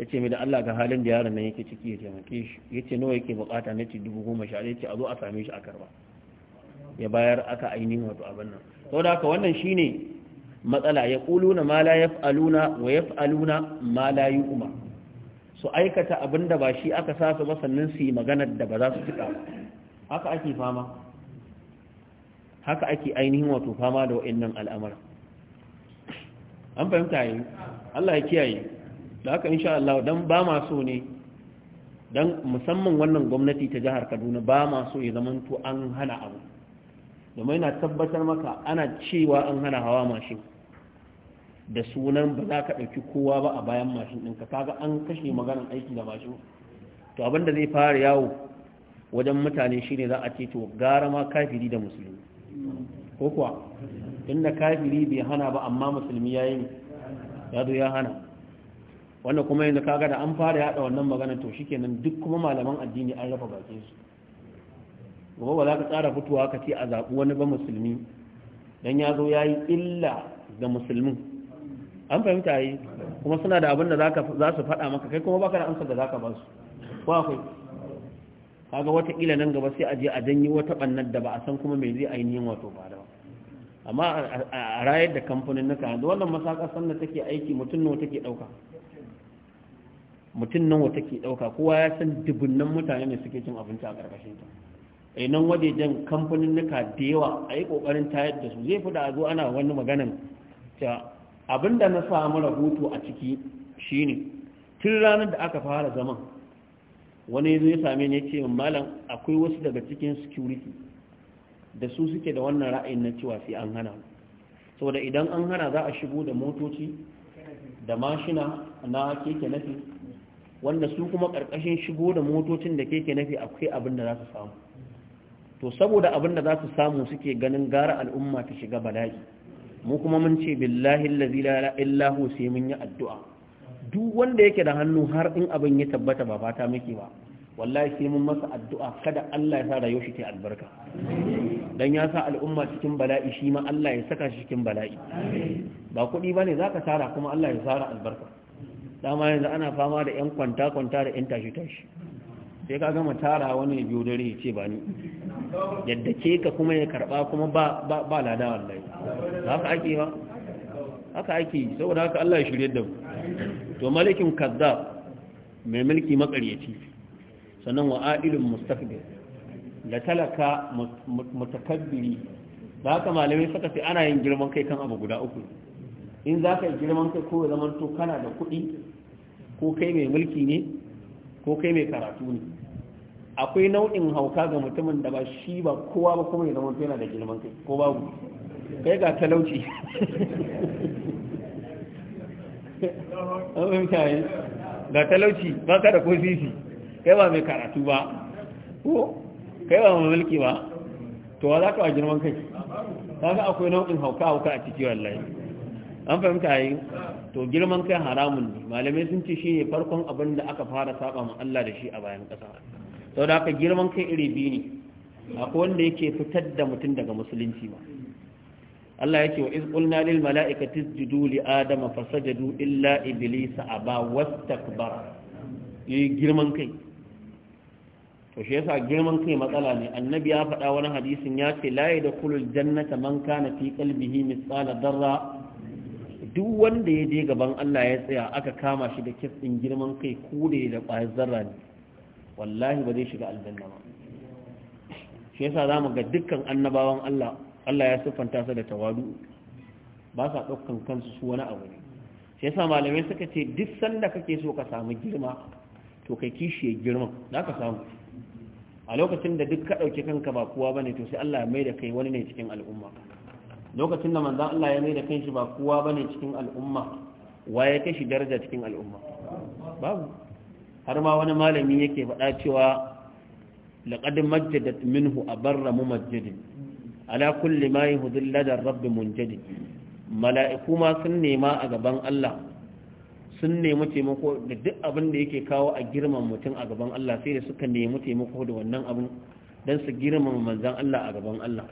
ya ce mai da Allah ga halin da yaron nan yake ciki ya taimake shi ya ce nawa yake bukata na ce dubu goma sha ɗaya ce a zo a same shi a karba ya bayar aka ainihin wato abin nan sau da haka wannan shi ne matsala ya ƙuluna ma la yaf'aluna wa yaf'aluna ma la yu'ma su aikata abin da ba shi aka sa su ba sannan su yi maganar da ba za su tuka haka ake fama haka ake ainihin wato fama da wa'annan al'amura an fahimta yi Allah ya kiyaye da haka insha Allah dan ba ma so ne dan musamman wannan gwamnati ta jihar Kaduna ba ma so ya zaman to an hana abu domin yana tabbatar maka ana cewa an hana hawa mashin da sunan ba za ka ɗauki kowa ba a bayan mashin ɗinka kaga an kashe maganan aiki da mashin to abinda zai fara yawo wajen mutane shine za a ce to gara ma kafiri da musulmi ko kuwa inda kafiri bai hana ba amma musulmi ya yi ya zo ya hana wanda kuma yanzu kaga da an fara yada wannan magana to shi kenan duk kuma malaman addini an rafa bakin su gobe ba za ka tsara fitowa ka ce a zaɓi wani ba musulmi don ya zo ya yi illa ga musulmin an fahimta yi kuma suna da abin da za su faɗa maka kai kuma baka da amsar da za ka ba su akwai kaga watakila nan gaba sai a je a janyi wata bannar da ba a san kuma mai zai ainihin wato ba da amma a rayar da kamfanin na kayan wannan masaka sanda take aiki mutum nawa take dauka mutum nawa take dauka kowa ya san dubunnan mutane ne suke cin abinci a karkashin ta a eh, nan wajejen kamfanin nuka da yawa a yi kokarin tayar da su zai fi da zo ana wani magana ta abinda na samu rahoto a ciki shine tun ranar da aka fara zaman wani zo ya same ni ce malam akwai wasu daga cikin security da su suke da wannan ra'ayin na cewa sai an hana saboda idan an hana za a shigo da motoci da mashina na keke nafi wanda su kuma karkashin shigo da motocin da keke nafi akwai abin da za su samu to saboda abin da za su samu suke ganin gara al'umma ta shiga bala'i mu kuma mun ce billahi allazi la ilaha illa hu sai mun yi addu'a duk wanda yake da hannu har in abin ya tabbata ba fata muke ba wallahi sai mun masa addu'a kada Allah ya sa rayuwar ta albarka dan ya sa al'umma cikin bala'i shi ma Allah ya saka shi cikin bala'i ba kuɗi bane zaka tara kuma Allah ya tsara albarka dama yanzu ana fama da yan kwanta kwanta da yan tashi tashi sai ka gama tara wani ya biyo dare ya ce ba ni yadda ke ka kuma ya karba kuma ba ba ba lada wallahi haka ake ba haka ake saboda haka Allah ya shirye da mu to malikin kadda mai mulki makaryaci sannan wa ailun mustaqbil da talaka mutakabbiri ba ka malamai suka ce ana yin girman kai kan abu guda uku in za ka yi girman kai ko zaman to kana da kuɗi ko kai mai mulki ne ko kai mai karatu ne akwai nau'in hauka ga mutumin da ba shi ba kowa ba kuma ya zama to yana da girman kai ko babu kai ga talauci an mutane ga talauci ba ka da ko sisi kai ba mai karatu ba ko kai ba mai mulki ba to wa za ka wa girman kai ta kaga akwai nau'in hauka hauka a ciki wallahi an fahimta yi to girman kai haramun ne malamai sun ce shi ne farkon abin da aka fara saba ma Allah da shi a bayan ƙasa da aka girman kai iri biyu ne akwai wanda yake fitar da mutum daga musulunci ba Allah ya yake wa iz qulna lil mala'ikati isjudu li adama fasajadu illa iblis aba wastakbara yi girman kai to shi yasa girman kai matsala ne annabi ya faɗa wani hadisin ya ce da yadkhulul jannata man kana fi qalbihi misala darra duk wanda ya je gaban Allah ya tsaya aka kama shi da kitsin girman kai ko da da ƙwayar zarra ne wallahi ba zai shiga aljanna ba shi yasa zamu ga dukkan annabawan Allah Allah ya siffanta su da tawadu ba sa ɗaukan kansu su wani abu ne shi yasa malamai suka ce duk sanda kake so ka samu girma to kai kishi ya girma za ka samu a lokacin da duk ka ɗauki kanka ba kowa bane to sai Allah ya mai da kai wani ne cikin al'umma lokacin da manzan Allah ya mai da kanshi ba kowa bane cikin al'umma wa ya kashi daraja cikin al'umma babu har ma wani malami yake faɗa cewa laqad majjadat minhu abarra mumajjidin ala kulli ma yuhdil ladar rabb munjadi mala'iku ma sun nema a gaban Allah sun nemi taimako da duk abin da yake kawo a girman mutum a gaban Allah sai da suka nemi taimako da wannan abin dan su girman manzan Allah a gaban Allah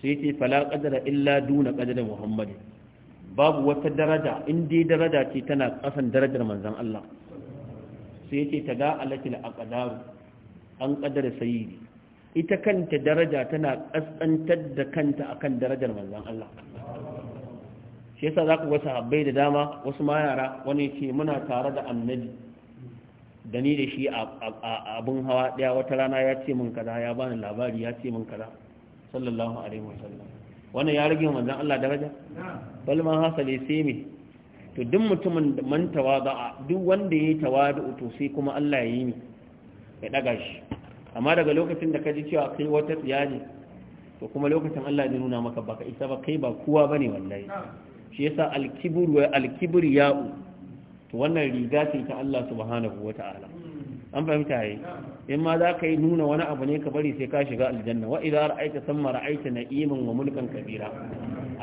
sai yace fala qadara illa duna qadari muhammad babu wata daraja in dai daraja ce tana kasan darajar manzan Allah sai yace ga alatil aqdar an qadara sayyidi ita kanta daraja tana ƙasƙantar da kanta akan darajar manzan Allah shi yasa za ku wasu habbai da dama wasu ma yara wani ce muna tare da annabi da ni da shi a abin hawa ɗaya wata rana ya ce min kaza ya bani labari ya ce min kaza sallallahu alaihi wasallam wannan ya rage manzan Allah daraja bal man hasale sai me to duk mutumin da man tawada duk wanda yayi tawadu to sai kuma Allah ya yi ni ya daga shi amma daga lokacin da ka ji cewa kai wata tsiya ne to kuma lokacin Allah ya nuna maka baka isa ba kai ba kowa bane wallahi shi yasa al-kibru wa al-kibriya'u to wannan riga ce ta Allah subhanahu wata'ala an fahimta yi in ma za ka yi nuna wani abu ne ka bari sai ka shiga aljanna wa idan ra'aita samma ra'aita na'iman wa mulkan kabira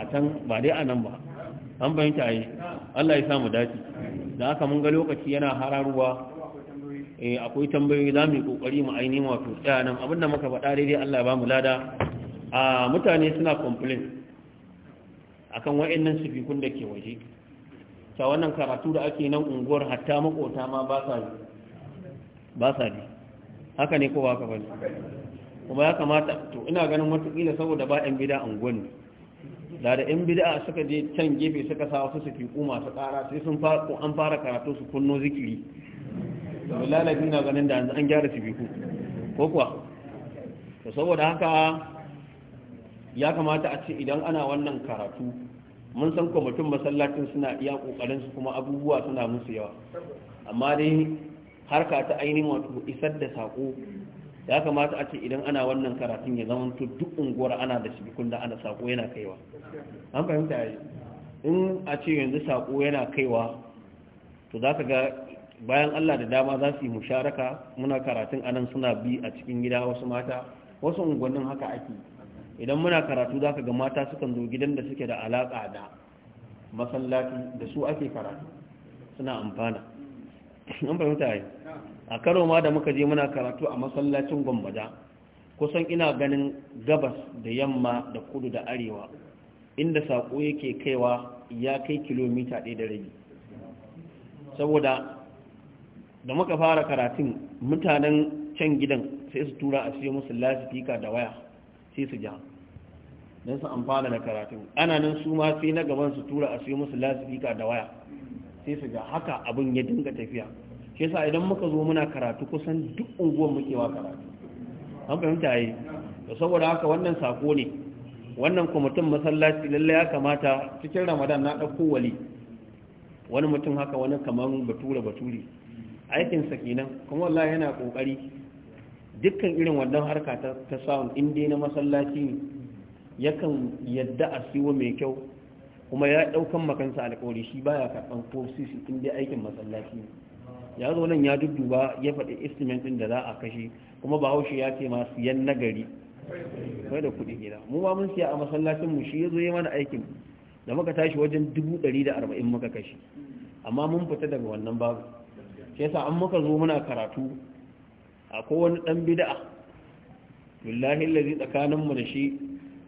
a can ba dai anan ba an fahimta yi Allah ya samu dace da haka mun ga lokaci yana hararuwa Eh, akwai tambayoyi za mu yi kokari mu ainihin wato tsaya nan abinda muka faɗa daidai Allah ya ba mu lada a mutane suna complain akan wa'annan sifikun da ke waje ta wannan karatu da ake nan unguwar hatta makota ma ba sa yi ba sa bi haka ne ko ba ka bane kuma ya kamata to ina ganin watakila saboda ba yan bida unguwar ne da da yan bida suka je can gefe suka sa wasu sifiku masu ƙara sai sun an fara karatu su kunno zikiri lalabi na ganin da an gyara tibiku ko kuwa to saboda haka ya kamata a ce idan ana wannan karatu mun san kwamitin masallacin suna iya kokarin su kuma abubuwa suna musu yawa amma dai harka ta ainihin wato isar da sako ya kamata a ce idan ana wannan karatun ya zama to duk unguwar ana da shibikun da ana sako yana kaiwa an fahimta yi in a ce yanzu sako yana kaiwa to za ka ga bayan Allah da dama za su yi musharaka muna karatun anan suna bi a cikin gida wasu mata wasu unguwannin haka ake idan muna karatu za ka ga mata sukan zo gidan da suke da alaƙa da masallaci da su ake karatu suna amfana an fahimta yi a karo ma da muka je muna karatu a masallacin gwambada kusan ina ganin gabas da yamma da kudu da arewa inda saƙo yake kaiwa ya kai kilomita ɗaya da rabi saboda da muka fara karatun mutanen can gidan sai su tura a siyo musu lasifika da waya sai su ja don su amfana da karatun ana nan su ma sai na gaban su tura a siyo musu lasifika da waya sai su ja haka abin ya dinga tafiya shi sa idan muka zo muna karatu kusan duk unguwar muke wa karatu an fahimta yi da saboda haka wannan sako ne wannan kwamitin masallaci lallai ya kamata cikin ramadan na ɗauko wali wani mutum haka wani kamar bature bature aikinsa kenan kuma wallahi yana kokari dukkan irin wannan harka ta sound in dai na masallaci ne yakan yadda a siwa mai kyau kuma ya daukan makansa alƙawari shi baya karban ko sisi in dai aikin masallaci ne ya zo nan ya dudduba ya faɗi estimate din da za a kashe kuma bahaushe ya ce ma siyan nagari kai da kuɗi gida mu ma mun siya a masallacin mu shi ya zo ya mana aikin da muka tashi wajen dubu ɗari da arba'in muka kashe amma mun fita daga wannan babu shi yasa an muka zo muna karatu akwai wani ɗan bid'a billahi allazi tsakanin mu da shi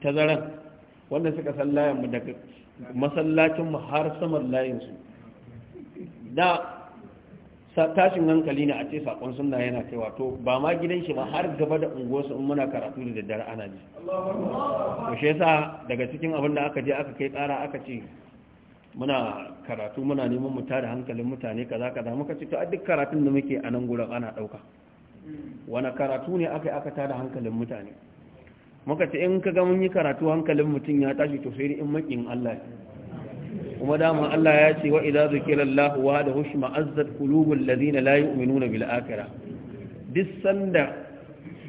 tazaran wanda suka san layinmu daga masallacin har samar layin da tashin hankali ne a ce sakon sunna yana kaiwa to ba ma gidan shi ba har gaba da unguwarsu in muna karatu da daddare ana ji to shi yasa daga cikin abin da aka je aka kai tsara aka ce muna karatu muna neman mu tada hankalin mutane kaza kaza muka ce to duk karatun da muke a nan gurin ana dauka wani karatu ne aka yi aka tada hankalin mutane muka ce in ka ga mun yi karatu hankalin mutum ya tashi to sai in makin Allah kuma dama Allah ya ce wa idza zikirallahu wa da hushma azzat qulubul ladina la yu'minuna bil akhirah duk sanda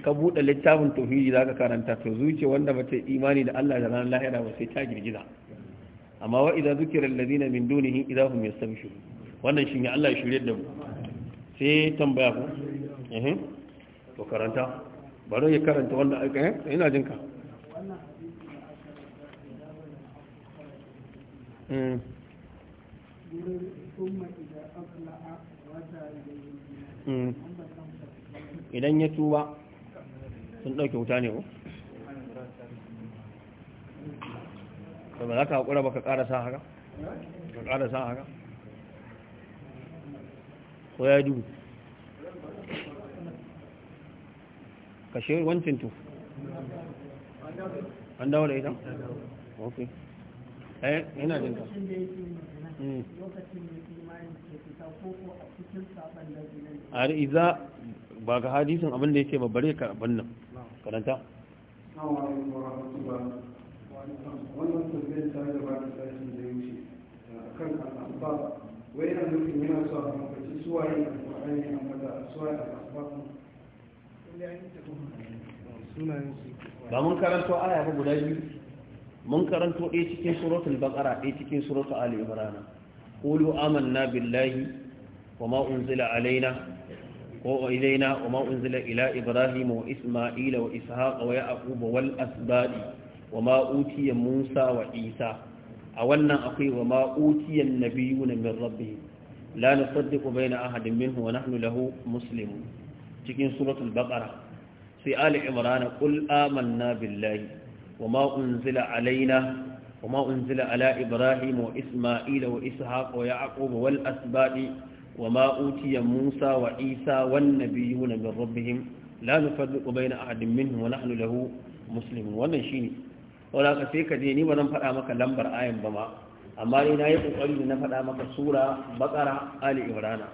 ka buɗe littafin tauhidi zaka karanta to zuciya wanda bata imani da Allah da ranar lahira ba sai ta girgiza amma wa idan zukirar alladhina min dunihi mai sami shi wannan shi ne Allah ya shirye da mu sai tambaya ku eh to karanta bari ya karanta wannan eh ina jinka hmm. Hmm. idan ya tuba sun dauke wuta ne ko to ba za ka haƙura ba ka ƙarasa haka ka ƙarasa haka ko ya dubu ka shi wancin tu an dawo da ita? ok eh ina jinta hmm. a ba ga hadisin abinda ya ce ba ka abin nan karanta wannan tambayar ta da ba ta sashi da wuce a kan al'abba wai yana nufin yana so a mafarci suwaye alƙur'ani a mata suwaye al'abba ba mun karanto aya ba guda biyu mun karanto ɗaya cikin suratul baqara ɗaya cikin suratul ali imran qulu amanna billahi wama unzila alaina ko ila وإلينا wa أنزل wa إبراهيم وإسماعيل وإسحاق ويعقوب والأسباد wa ma'utiya musa wa isa a wannan akwai wa ma'utiyan nabiyu na min rabbi la nusaddiqu baina ahadin minhu wa nahnu lahu muslimun cikin suratul baqara sai ali imran qul amanna billahi wa ma unzila alaina wa ma ala ibrahim wa isma'ila wa ishaq wa yaqub wal asbadi wa ma musa wa isa wan nabiyuna min rabbihim la nusaddiqu baina ahadin minhum wa nahnu lahu muslimun wannan shine wala ka sai ka je ni ba zan faɗa maka lambar ayin ba ma amma ni na yi ƙoƙari da na faɗa maka sura baƙara ali imrana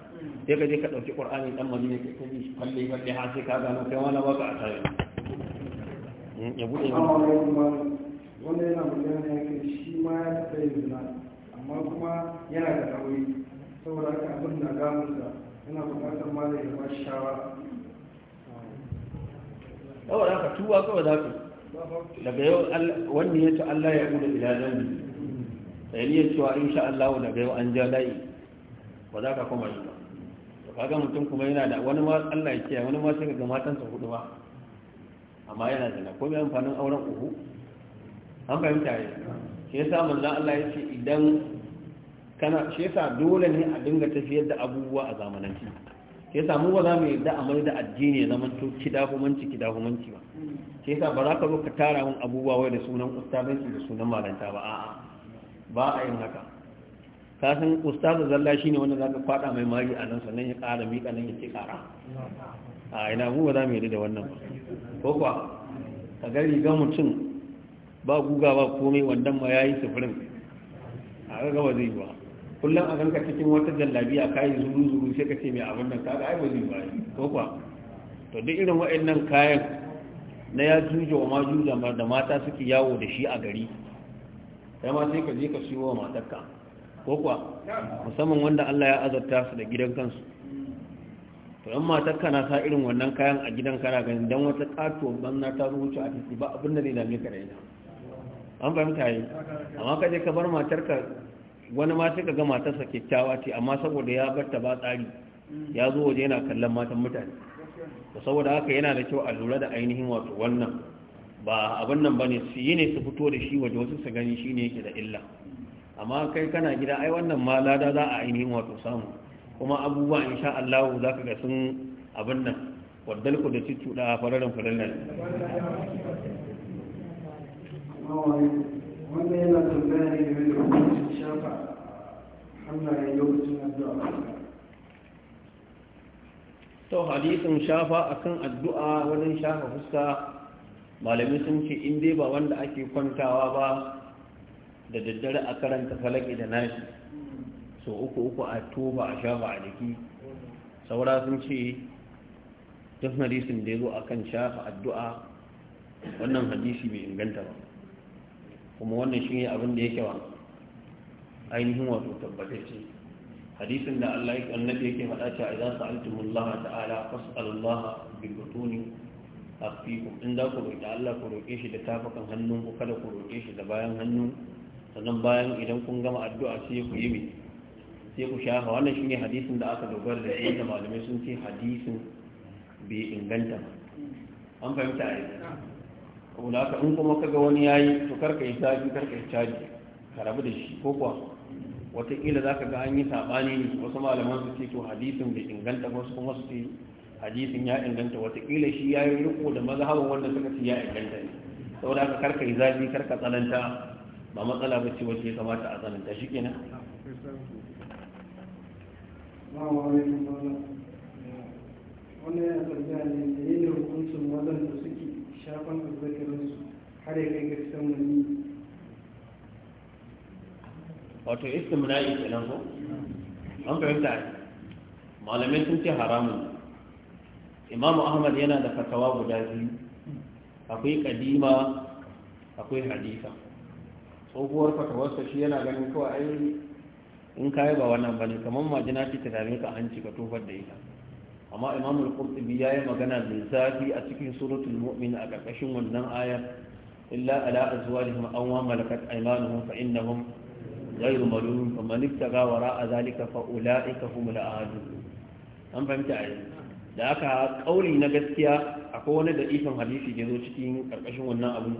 sai ka je ka ɗauki ƙur'ani ɗan madina ka kabi kalle kalle ha sai ka gano kai wani baka a tayi hmm, ya buɗe ma wanda yana magana ya kai shi ma ya taɓa yin zina amma kuma yana da nauyi saboda haka abin na da yana buƙatar malam ya ba shawara saboda haka tuwa kawai za ka daga yau wanda ya ce Allah ya kuma ila zambi sai ni ya cewa insha Allah daga yau an ja layi ba za ka kuma yi ba kaga mutum kuma yana da wani ma Allah ya ce wani ma sai ga matansa hudu ba amma yana da ko mai amfanin auren uku an fahimta ya shi yasa manzon Allah ya ce idan kana shi yasa dole ne a dinga tafiyar da abubuwa a zamananci shi samu ba za mu yarda a mai da addini ya zama to kidahumanci kidahumanci ba ke ba za ka zo ka tara mun abubuwa wai da sunan ustazanki da sunan malanta ba a'a ba a yin haka ka san ustazu zalla shine wanda zaka fada mai mari a nan sannan ya ƙara miƙa nan ya ce ƙara a ina mu ba za mu yi da wannan ba ko kuwa ka ga riga mutum ba guga ba komai wannan ma yayi sufurin a ga ba zai ba kullum a ganka cikin wata jallabiya kai zuru zuru sai ka ce mai abin nan ka? ga ai ba zai ba ko kuwa to duk irin waɗannan kayan na ya juje wa maju da mata suke yawo da shi a gari ya ma sai ka je ka siyo wa matarka ko kuwa musamman wanda Allah ya azarta su da gidan kansu to yan matarka na sa irin wannan kayan a gidan kana ganin dan wata kato banna ta wuce a titi ba abin da zai dame ka da an fahimta yi amma ka je ka bar matarka wani ma sai ka ga matarsa kyakkyawa ce amma saboda ya bar ta ba tsari ya zo waje yana kallon matan mutane to saboda haka yana da kyau a lura da ainihin wato wannan ba abin nan ba ne su yi ne su fito da shi waje wasu su gani shi ne yake da illa amma kai kana gida ai wannan ma lada za a ainihin wato samu kuma abubuwa insha Allah za ka ga sun abin nan waddal ku da cicu da fararen fararen wanda yana tambaya ne game da hukuncin shafa hannayen lokacin addu'a to hadisin shafa akan addu'a wajen shafa fuska malamai sun ce in dai ba wanda ake kwantawa ba da daddare a karanta falaki da nashi so uku uku a toba a shafa a jiki saura sun ce duk hadisin da ya zo akan shafa addu'a wannan hadisi bai inganta ba kuma wannan shi ne abin da yake wa ainihin wato tabbatacce hadisin da Allah ya annabi yake faɗa cewa idan allah ta'ala fas'alullah bi butuni afikum in da ku roƙi Allah ku roƙe shi da tafakan hannun ku kada ku roƙe shi da bayan hannu sannan bayan idan kun gama addu'a sai ku yi sai ku shafa wannan shine hadisin da aka dogara da shi da malamai sun ce hadisin bai inganta ba an fahimta a yanzu kuma in kuma kaga wani yayi to karka yi sabi karka yi caji ka rabu da shi ko kuwa watakila za ka ga an yi saɓani ne wasu malaman su ce to hadisin da inganta wasu kuma su ce hadisin ya inganta watakila shi ya yi riko da mazhabin wanda suka ce ya inganta ne saboda haka karka yi zafi karka tsananta ba matsala ba ce wace ya kamata a tsananta shi kenan wannan yana tambaya ne da yin hukuncin suke shafan azzakarinsu har ya kai ga fitan wato istimna'i kenan ko an fahimta malamai sun ce haramun imamu ahmad yana da fatawa guda biyu akwai kadima akwai hadisa tsohuwar fatawarsa shi yana ganin kawai ai in kayi ba wannan bane kamar majina ce ta dame ka hanci ka tofar da ita amma imamul ya yi magana mai zafi a cikin suratul mu'min a ƙarƙashin wannan ayar illa ala azwajihim aw ma malakat aymanuhum fa innahum غير ملوم فمن ابتغى وراء ka فأولئك هم العادون an fahimta a da aka kauri na gaskiya akwai wani da hadisi da zo cikin karkashin wannan abu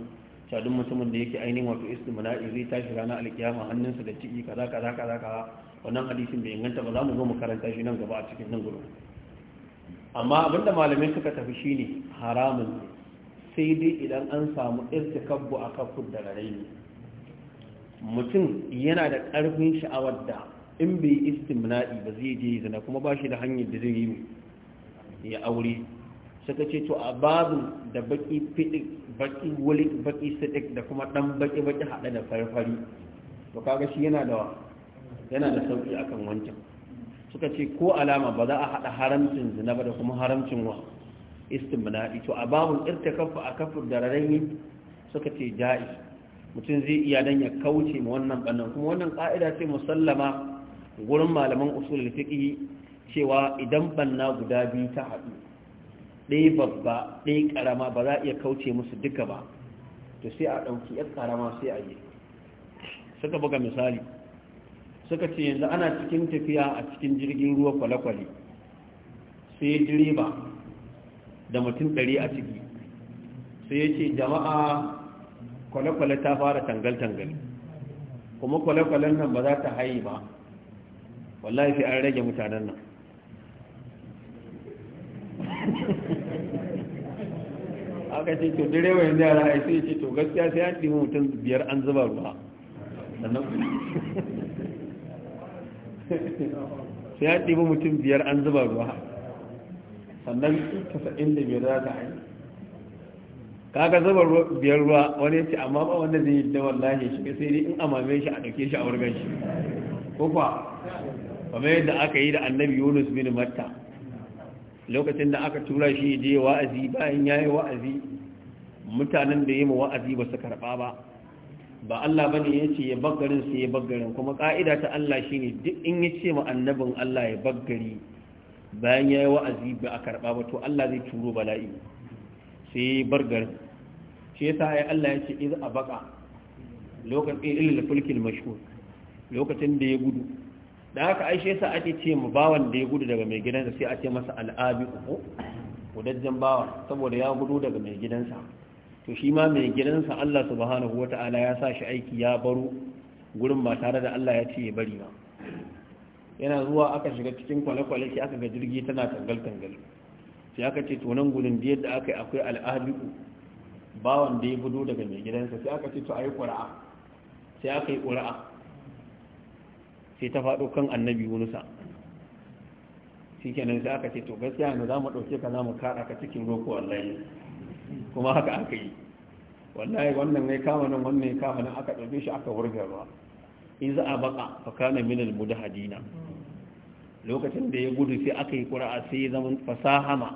sadun mutumin da yake ainihin wato istimna'i zai tashi rana alkiyama hannunsa da ciki kaza kaza kaza kaza wannan hadisin bai inganta ba za mu zo mu karanta shi nan gaba a cikin nan gudu amma abinda malamai suka tafi shine haramun sai dai idan an samu irtikabbu a kafin da ne. mutum yana da ƙarfin sha'awar da in bai istimna'i ba zai je zina kuma ba shi da hanyar da zai yi ya aure suka ce to a babu da baki fiɗi baki wuli baki sidik da kuma ɗan baki baki haɗe da farfari to kaga shi yana da yana da sauƙi akan wancan suka ce ko alama ba za a haɗa haramcin zina ba da kuma haramcin wa istimna'i to a babu irtikafa a kafin da rarrayi suka ce ja'i mutum zai iya dan ya kauce ma wannan bannan kuma wannan ƙa'ida ce musallama wurin malaman usulul cewa idan banna guda biyu ta haɗu ɗaya babba ɗaya ƙarama ba za a iya kauce musu duka ba to sai a ɗauki yar ƙarama sai a yi suka buga misali suka ce yanzu ana cikin tafiya a cikin jirgin ruwa kwale-kwale sai direba da mutum ɗari a ciki sai ya ce jama'a kwale-kwale ta fara tangal-tangal kuma kwale-kwalen nan ba za ta hayi ba wallahi fi an rage mutanen nan aka ce to direba yanzu yara a ya ce to gaskiya sai an ɗimi mutum biyar an zuba ruwa sannan sai an ɗimi mutum biyar an zuba ruwa sannan 95 za ta haini kaga zuba biyar ruwa wani ya ce amma ba wanda zai yi da wallahi shi sai dai in amame shi a dauke shi a wurgan shi ko kuwa kamar yadda aka yi da annabi yunus bin matta lokacin da aka tura shi je wa'azi bayan ya yi wa'azi mutanen da yi ma wa'azi ba su karɓa ba ba Allah bane ya ce ya baggarin sai ya baggarin kuma ka'ida ta Allah shine duk in ya ce ma annabin Allah ya baggari bayan ya yi wa'azi ba a karɓa ba to Allah zai turo bala'i sai bargarin shi yasa ai Allah ya ce iz abaka lokacin eh, ilil fulkil mashhur lokacin da ya gudu da haka ai sa ake ce mu bawan da ya gudu daga mai gidansa sai a ce masa al'abi ko bawa saboda ya gudu daga mai gidansa to shi ma mai gidansa Allah subhanahu wata'ala ya sa shi aiki ya baro gurin ba tare da Allah ya ce ya bari ba yana zuwa aka shiga cikin kwale-kwale shi aka ga jirgi tana tangal-tangal sai aka ce to nan gudun da yadda aka yi akwai uku. bawan da ya gudu daga mai gidansa sai aka ce to ayi ƙura'a sai aka yi ƙura'a sai ta faɗo kan annabi yunusa shi kenan sai aka ce to gaskiya yanzu za mu ɗauke ka za mu kaɗa ka cikin roko wallahi kuma haka aka yi wallahi wannan ya kama nan wannan ya kama nan aka ɗauke shi aka wurgar ruwa in za a baka fa kana minal mudahadina lokacin da ya gudu sai aka yi ƙura'a sai ya zama fasahama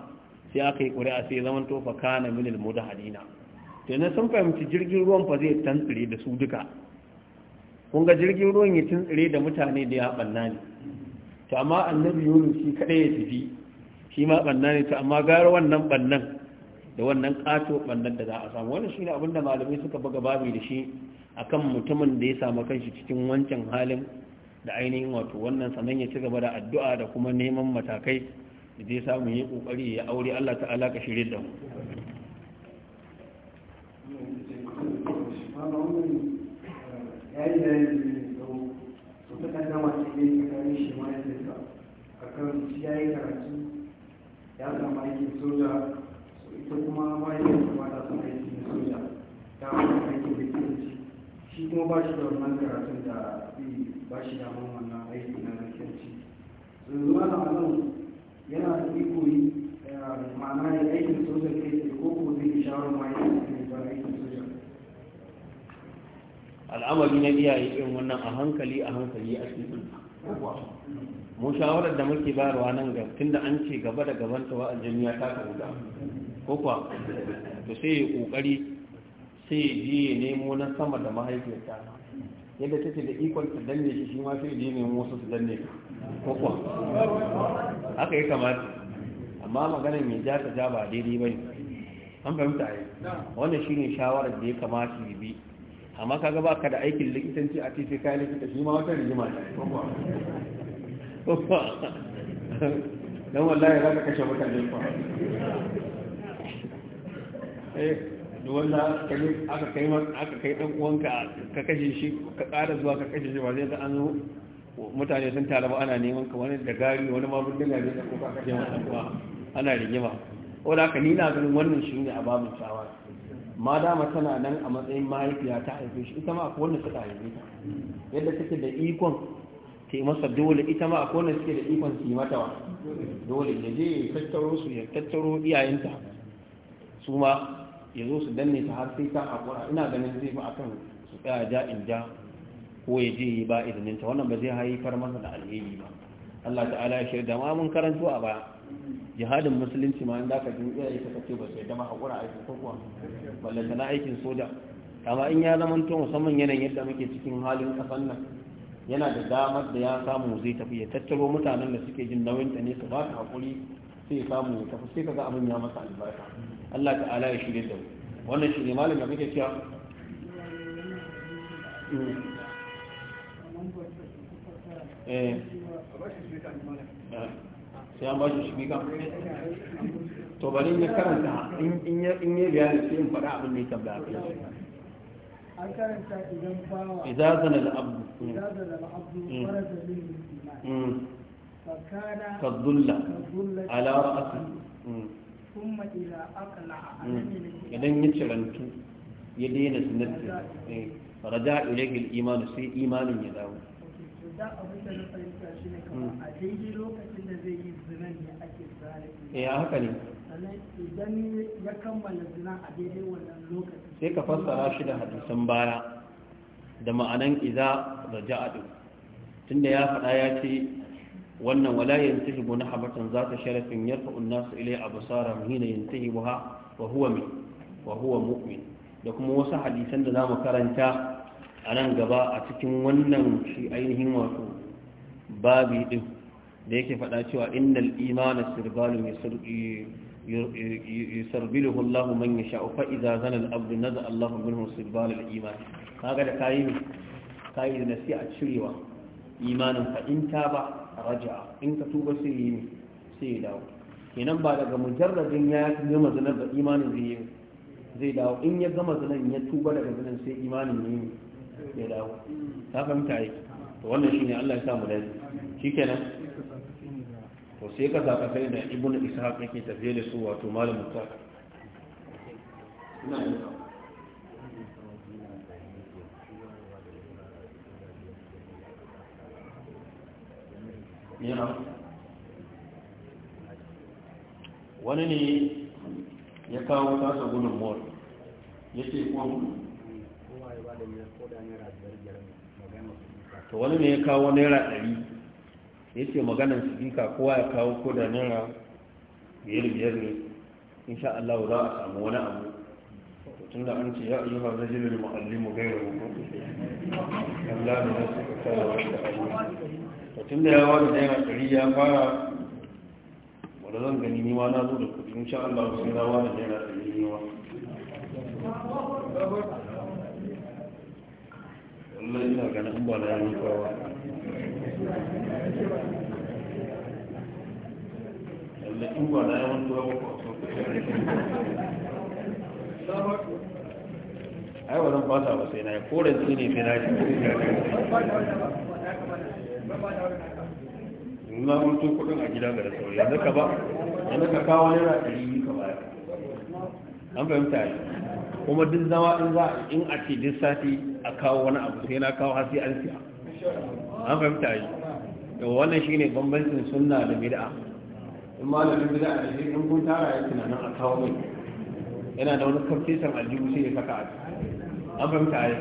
sai aka yi ƙuri'a sai zaman tofa kana minil mudahadina na sun fahimci jirgin ruwan fa zai tantsire da su duka kun ga jirgin ruwan ya tantsire da mutane da ya banna ne to amma annabi yunus shi kadai ya tafi shi ma banna ne to amma gara wannan bannan da wannan kato bannan da za a samu wannan shine abin da malamai suka buga babu da shi akan mutumin da ya samu kanshi cikin wancan halin da ainihin wato wannan sanan ya ci gaba da addu'a da kuma neman matakai da zai samu yi kokari ya aure Allah ta'ala ka shirye da mu abin ya yi da yin mai tsawo to ta kan gama ce ne tsakanin shi ma ya zai a kan shi ya yi karatu ya samu aikin soja so ita kuma ba ya yi kuma ta samu na soja ta samu aikin da rikici shi kuma ba shi da wannan karatun da ba shi da wannan aiki na rikici yanzu ma da nan yana da iko yi eh, ma'ana ne aikin soja kai ko ko zai shawarar ma ya yi al'amari na yi irin wannan a hankali a hankali a cikin mu shawarar da muke bayarwa nan ga tunda an ce gaba da gaban ta jami'a ta ka wuta ko kuwa to sai ya kokari sai ya je ya nemo na sama da mahaifiyarta yadda take da ikon ta danne shi shi ma sai je nemo wasu su danne ko kuwa haka ya kamata amma maganar mai ja ta ja ba daidai ba ne, an fahimta yi wannan shine shawarar da ya kamata ya bi amma ka gaba ka da aikin likitanci a titi kayan likita shi ma wata rigima ne don wallahi za ka kashe mutane kwa eh, wanda aka kai aka kai dan uwanka ka kashe shi ka ƙara zuwa ka kashe shi ba zai ga an zo mutane sun tare ana neman ka wani da gari wani ma bindin gari da kuka kashe masa ba ana rigima wanda aka ni na ganin wannan shi ne a babin shawara ma dama tana nan a matsayin mahaifiya ta haife shi ita ma akwai kowane suka haife ta yadda take da ikon ta masa dole ita ma akwai kowane suke da ikon su yi mata wa dole ya je ya tattaro su ya tattaro iyayenta su ma ya zo su danne ta har sai ta haƙura ina ganin zai fi akan su tsaya ja in ja ko ya je yi ba idaninta wannan ba zai haifar masa da alheri ba Allah ta'ala ya shirya ma mun karantu a baya jihadin musulunci ma inda ka jin iyaye ka kace ba sai dama hakura aiki ko kuwa ballanta na aikin soja amma in ya zama to musamman yanayin yadda muke cikin halin kasan nan yana da damar da ya samu zai tafi ya tattaro mutanen da suke jin nauyin ta ne su ba ka hakuri sai ya samu ya tafi sai kaga abin ya masa albarka Allah ta'ala ya shirye da mu wannan shi ne malam da muke cewa eh sai an ba shi shi kan to bari ya karanta in ya bayani sai in faɗa abin da ya tabba a kai an karanta idan bawa idza zana al-abdu idza zana al-abdu faraza min iman فكان كالظلة على رأسه ثم إذا أقلع إذن يتشغلت يدين سنته رجع إليه الإيمان في إيمان يداو da abin da na fahimta shi ne kama a daidai lokacin da zai E, haka ne sai ka fassara shi da hadisan baya da ma'anan iza da ja'adu tunda ya faɗa ya ce wannan wala yantahi bu nahabatan zata sharafin yarfa'u an-nasu ilay absarahum hina yantahi buha wa huwa min wa huwa mu'min da kuma wasu hadisan da za mu karanta a nan gaba a cikin wannan shi ainihin wato babi din da yake faɗa cewa innal imana sirbalu yusarbiluhu Allahu man yasha'u fa idza zana al-abdu naza Allahu minhu sirbal al-iman kaga da kayi kayi nasiha cirewa imanin fa in taba raja in ka tuba sai yi sai ya dawo kenan ba daga mujarradin ya gama zanar da imanin zai yi zai dawo in ya gama zanen ya tuba daga zanen sai imanin ne ya dawo ta fahimta yi to wannan shine Allah ya sa mu dace shikenan to sai ka zaɓa kai da ibn ishaq yake tafiye da su wato malamin ta wani ne ya kawo tasa gudun mor ya ce kwan to wani ne ya kawo naira ɗari ya yace maganar sifika kowa ya kawo ko da naira biyar biyar ne insha Allah za a samu wani abu tun da an ce ya yi ba zai jirin mu'allimu bai rabu Allah da zai suka kawo da tun da ya wani da ɗari ya fara wadda zan gani nima na zo da kudi insha Allah sun rawa da yana ɗari nima wallahi ina ganin ba da yi nufawa da in ba na yawan tura muku a sauƙi ai ba zan fasa ba sai na yi koranci ne sai na shi na mutu kudin a gida ga da sauri yanzu ka ba yanzu ka kawo yana ɗari yi ka baya an fahimta yi kuma duk zama in za in a ce duk sati a kawo wani abu sai na kawo hasi an siya an fahimta yi wannan shi shine bambancin sunna da bid'a in malamin bida a cikin in kun tara ya tunanin a kawo mai yana da wani kaftesan aljihu sai ya saka a an fahimta a yi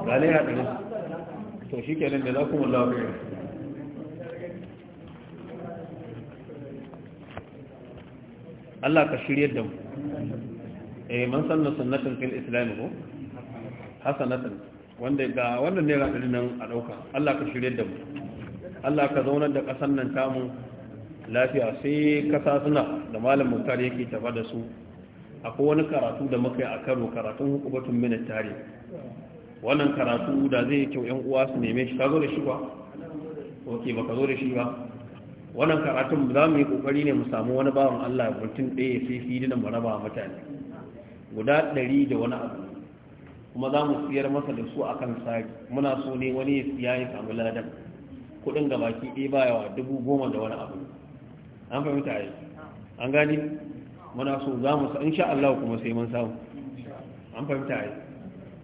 ga ya ɗari to shi kenan da za ku mulla wa Allah ka shirya da mu eh man na sunnatan fil islam ko hasanatan wanda ga wannan naira ɗari nan a ɗauka Allah ka shirya da mu Allah ka zaunar da ƙasar nan tamu lafiya sai kasa suna da malam muktar yake taba da su akwai wani karatu da muka yi a karo karatun hukubatun minar tare wannan karatu da zai kyau yan uwa su neme shi ka zo da shi ba ok ba ka zo da shi ba wannan karatun za mu yi kokari ne mu samu wani bawan allah mutum ɗaya sai fili da mu raba mutane guda ɗari da wani abu kuma za mu siyar masa da su akan sari muna so ne wani ya siya ya samu ladan kuɗin gabaki ɗaya bayawa dubu goma da wani abu an fahimta a yi an gani muna so za mu sa insha Allah kuma sai mun samu an fahimta a yi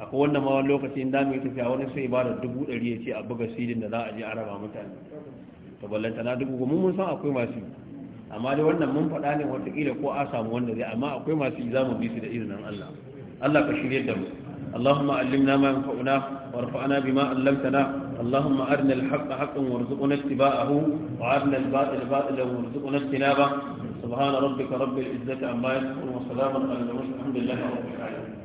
akwai wannan ma wani lokaci da mu tafiya wani sai ba da dubu ɗari ya ce a buga sidin da za a je araba mutane to ballanta na dubu goma mun san akwai masu yi amma dai wannan mun faɗa ne watakila ko a samu wanda zai amma akwai masu yi za mu bi su da izinin Allah Allah ka shirye da mu اللهم علمنا ما ينفعنا وارفعنا بما علمتنا اللهم أرنا الحق حقا وارزقنا اتباعه وأرنا الباطل باطلا وارزقنا اجتنابه سبحان ربك رب العزة عما يصفون وسلاما على المرسلين الحمد لله رب العالمين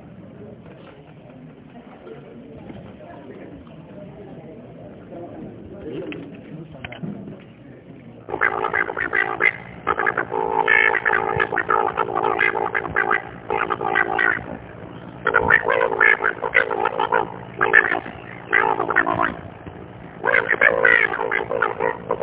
Thank you. Thank you.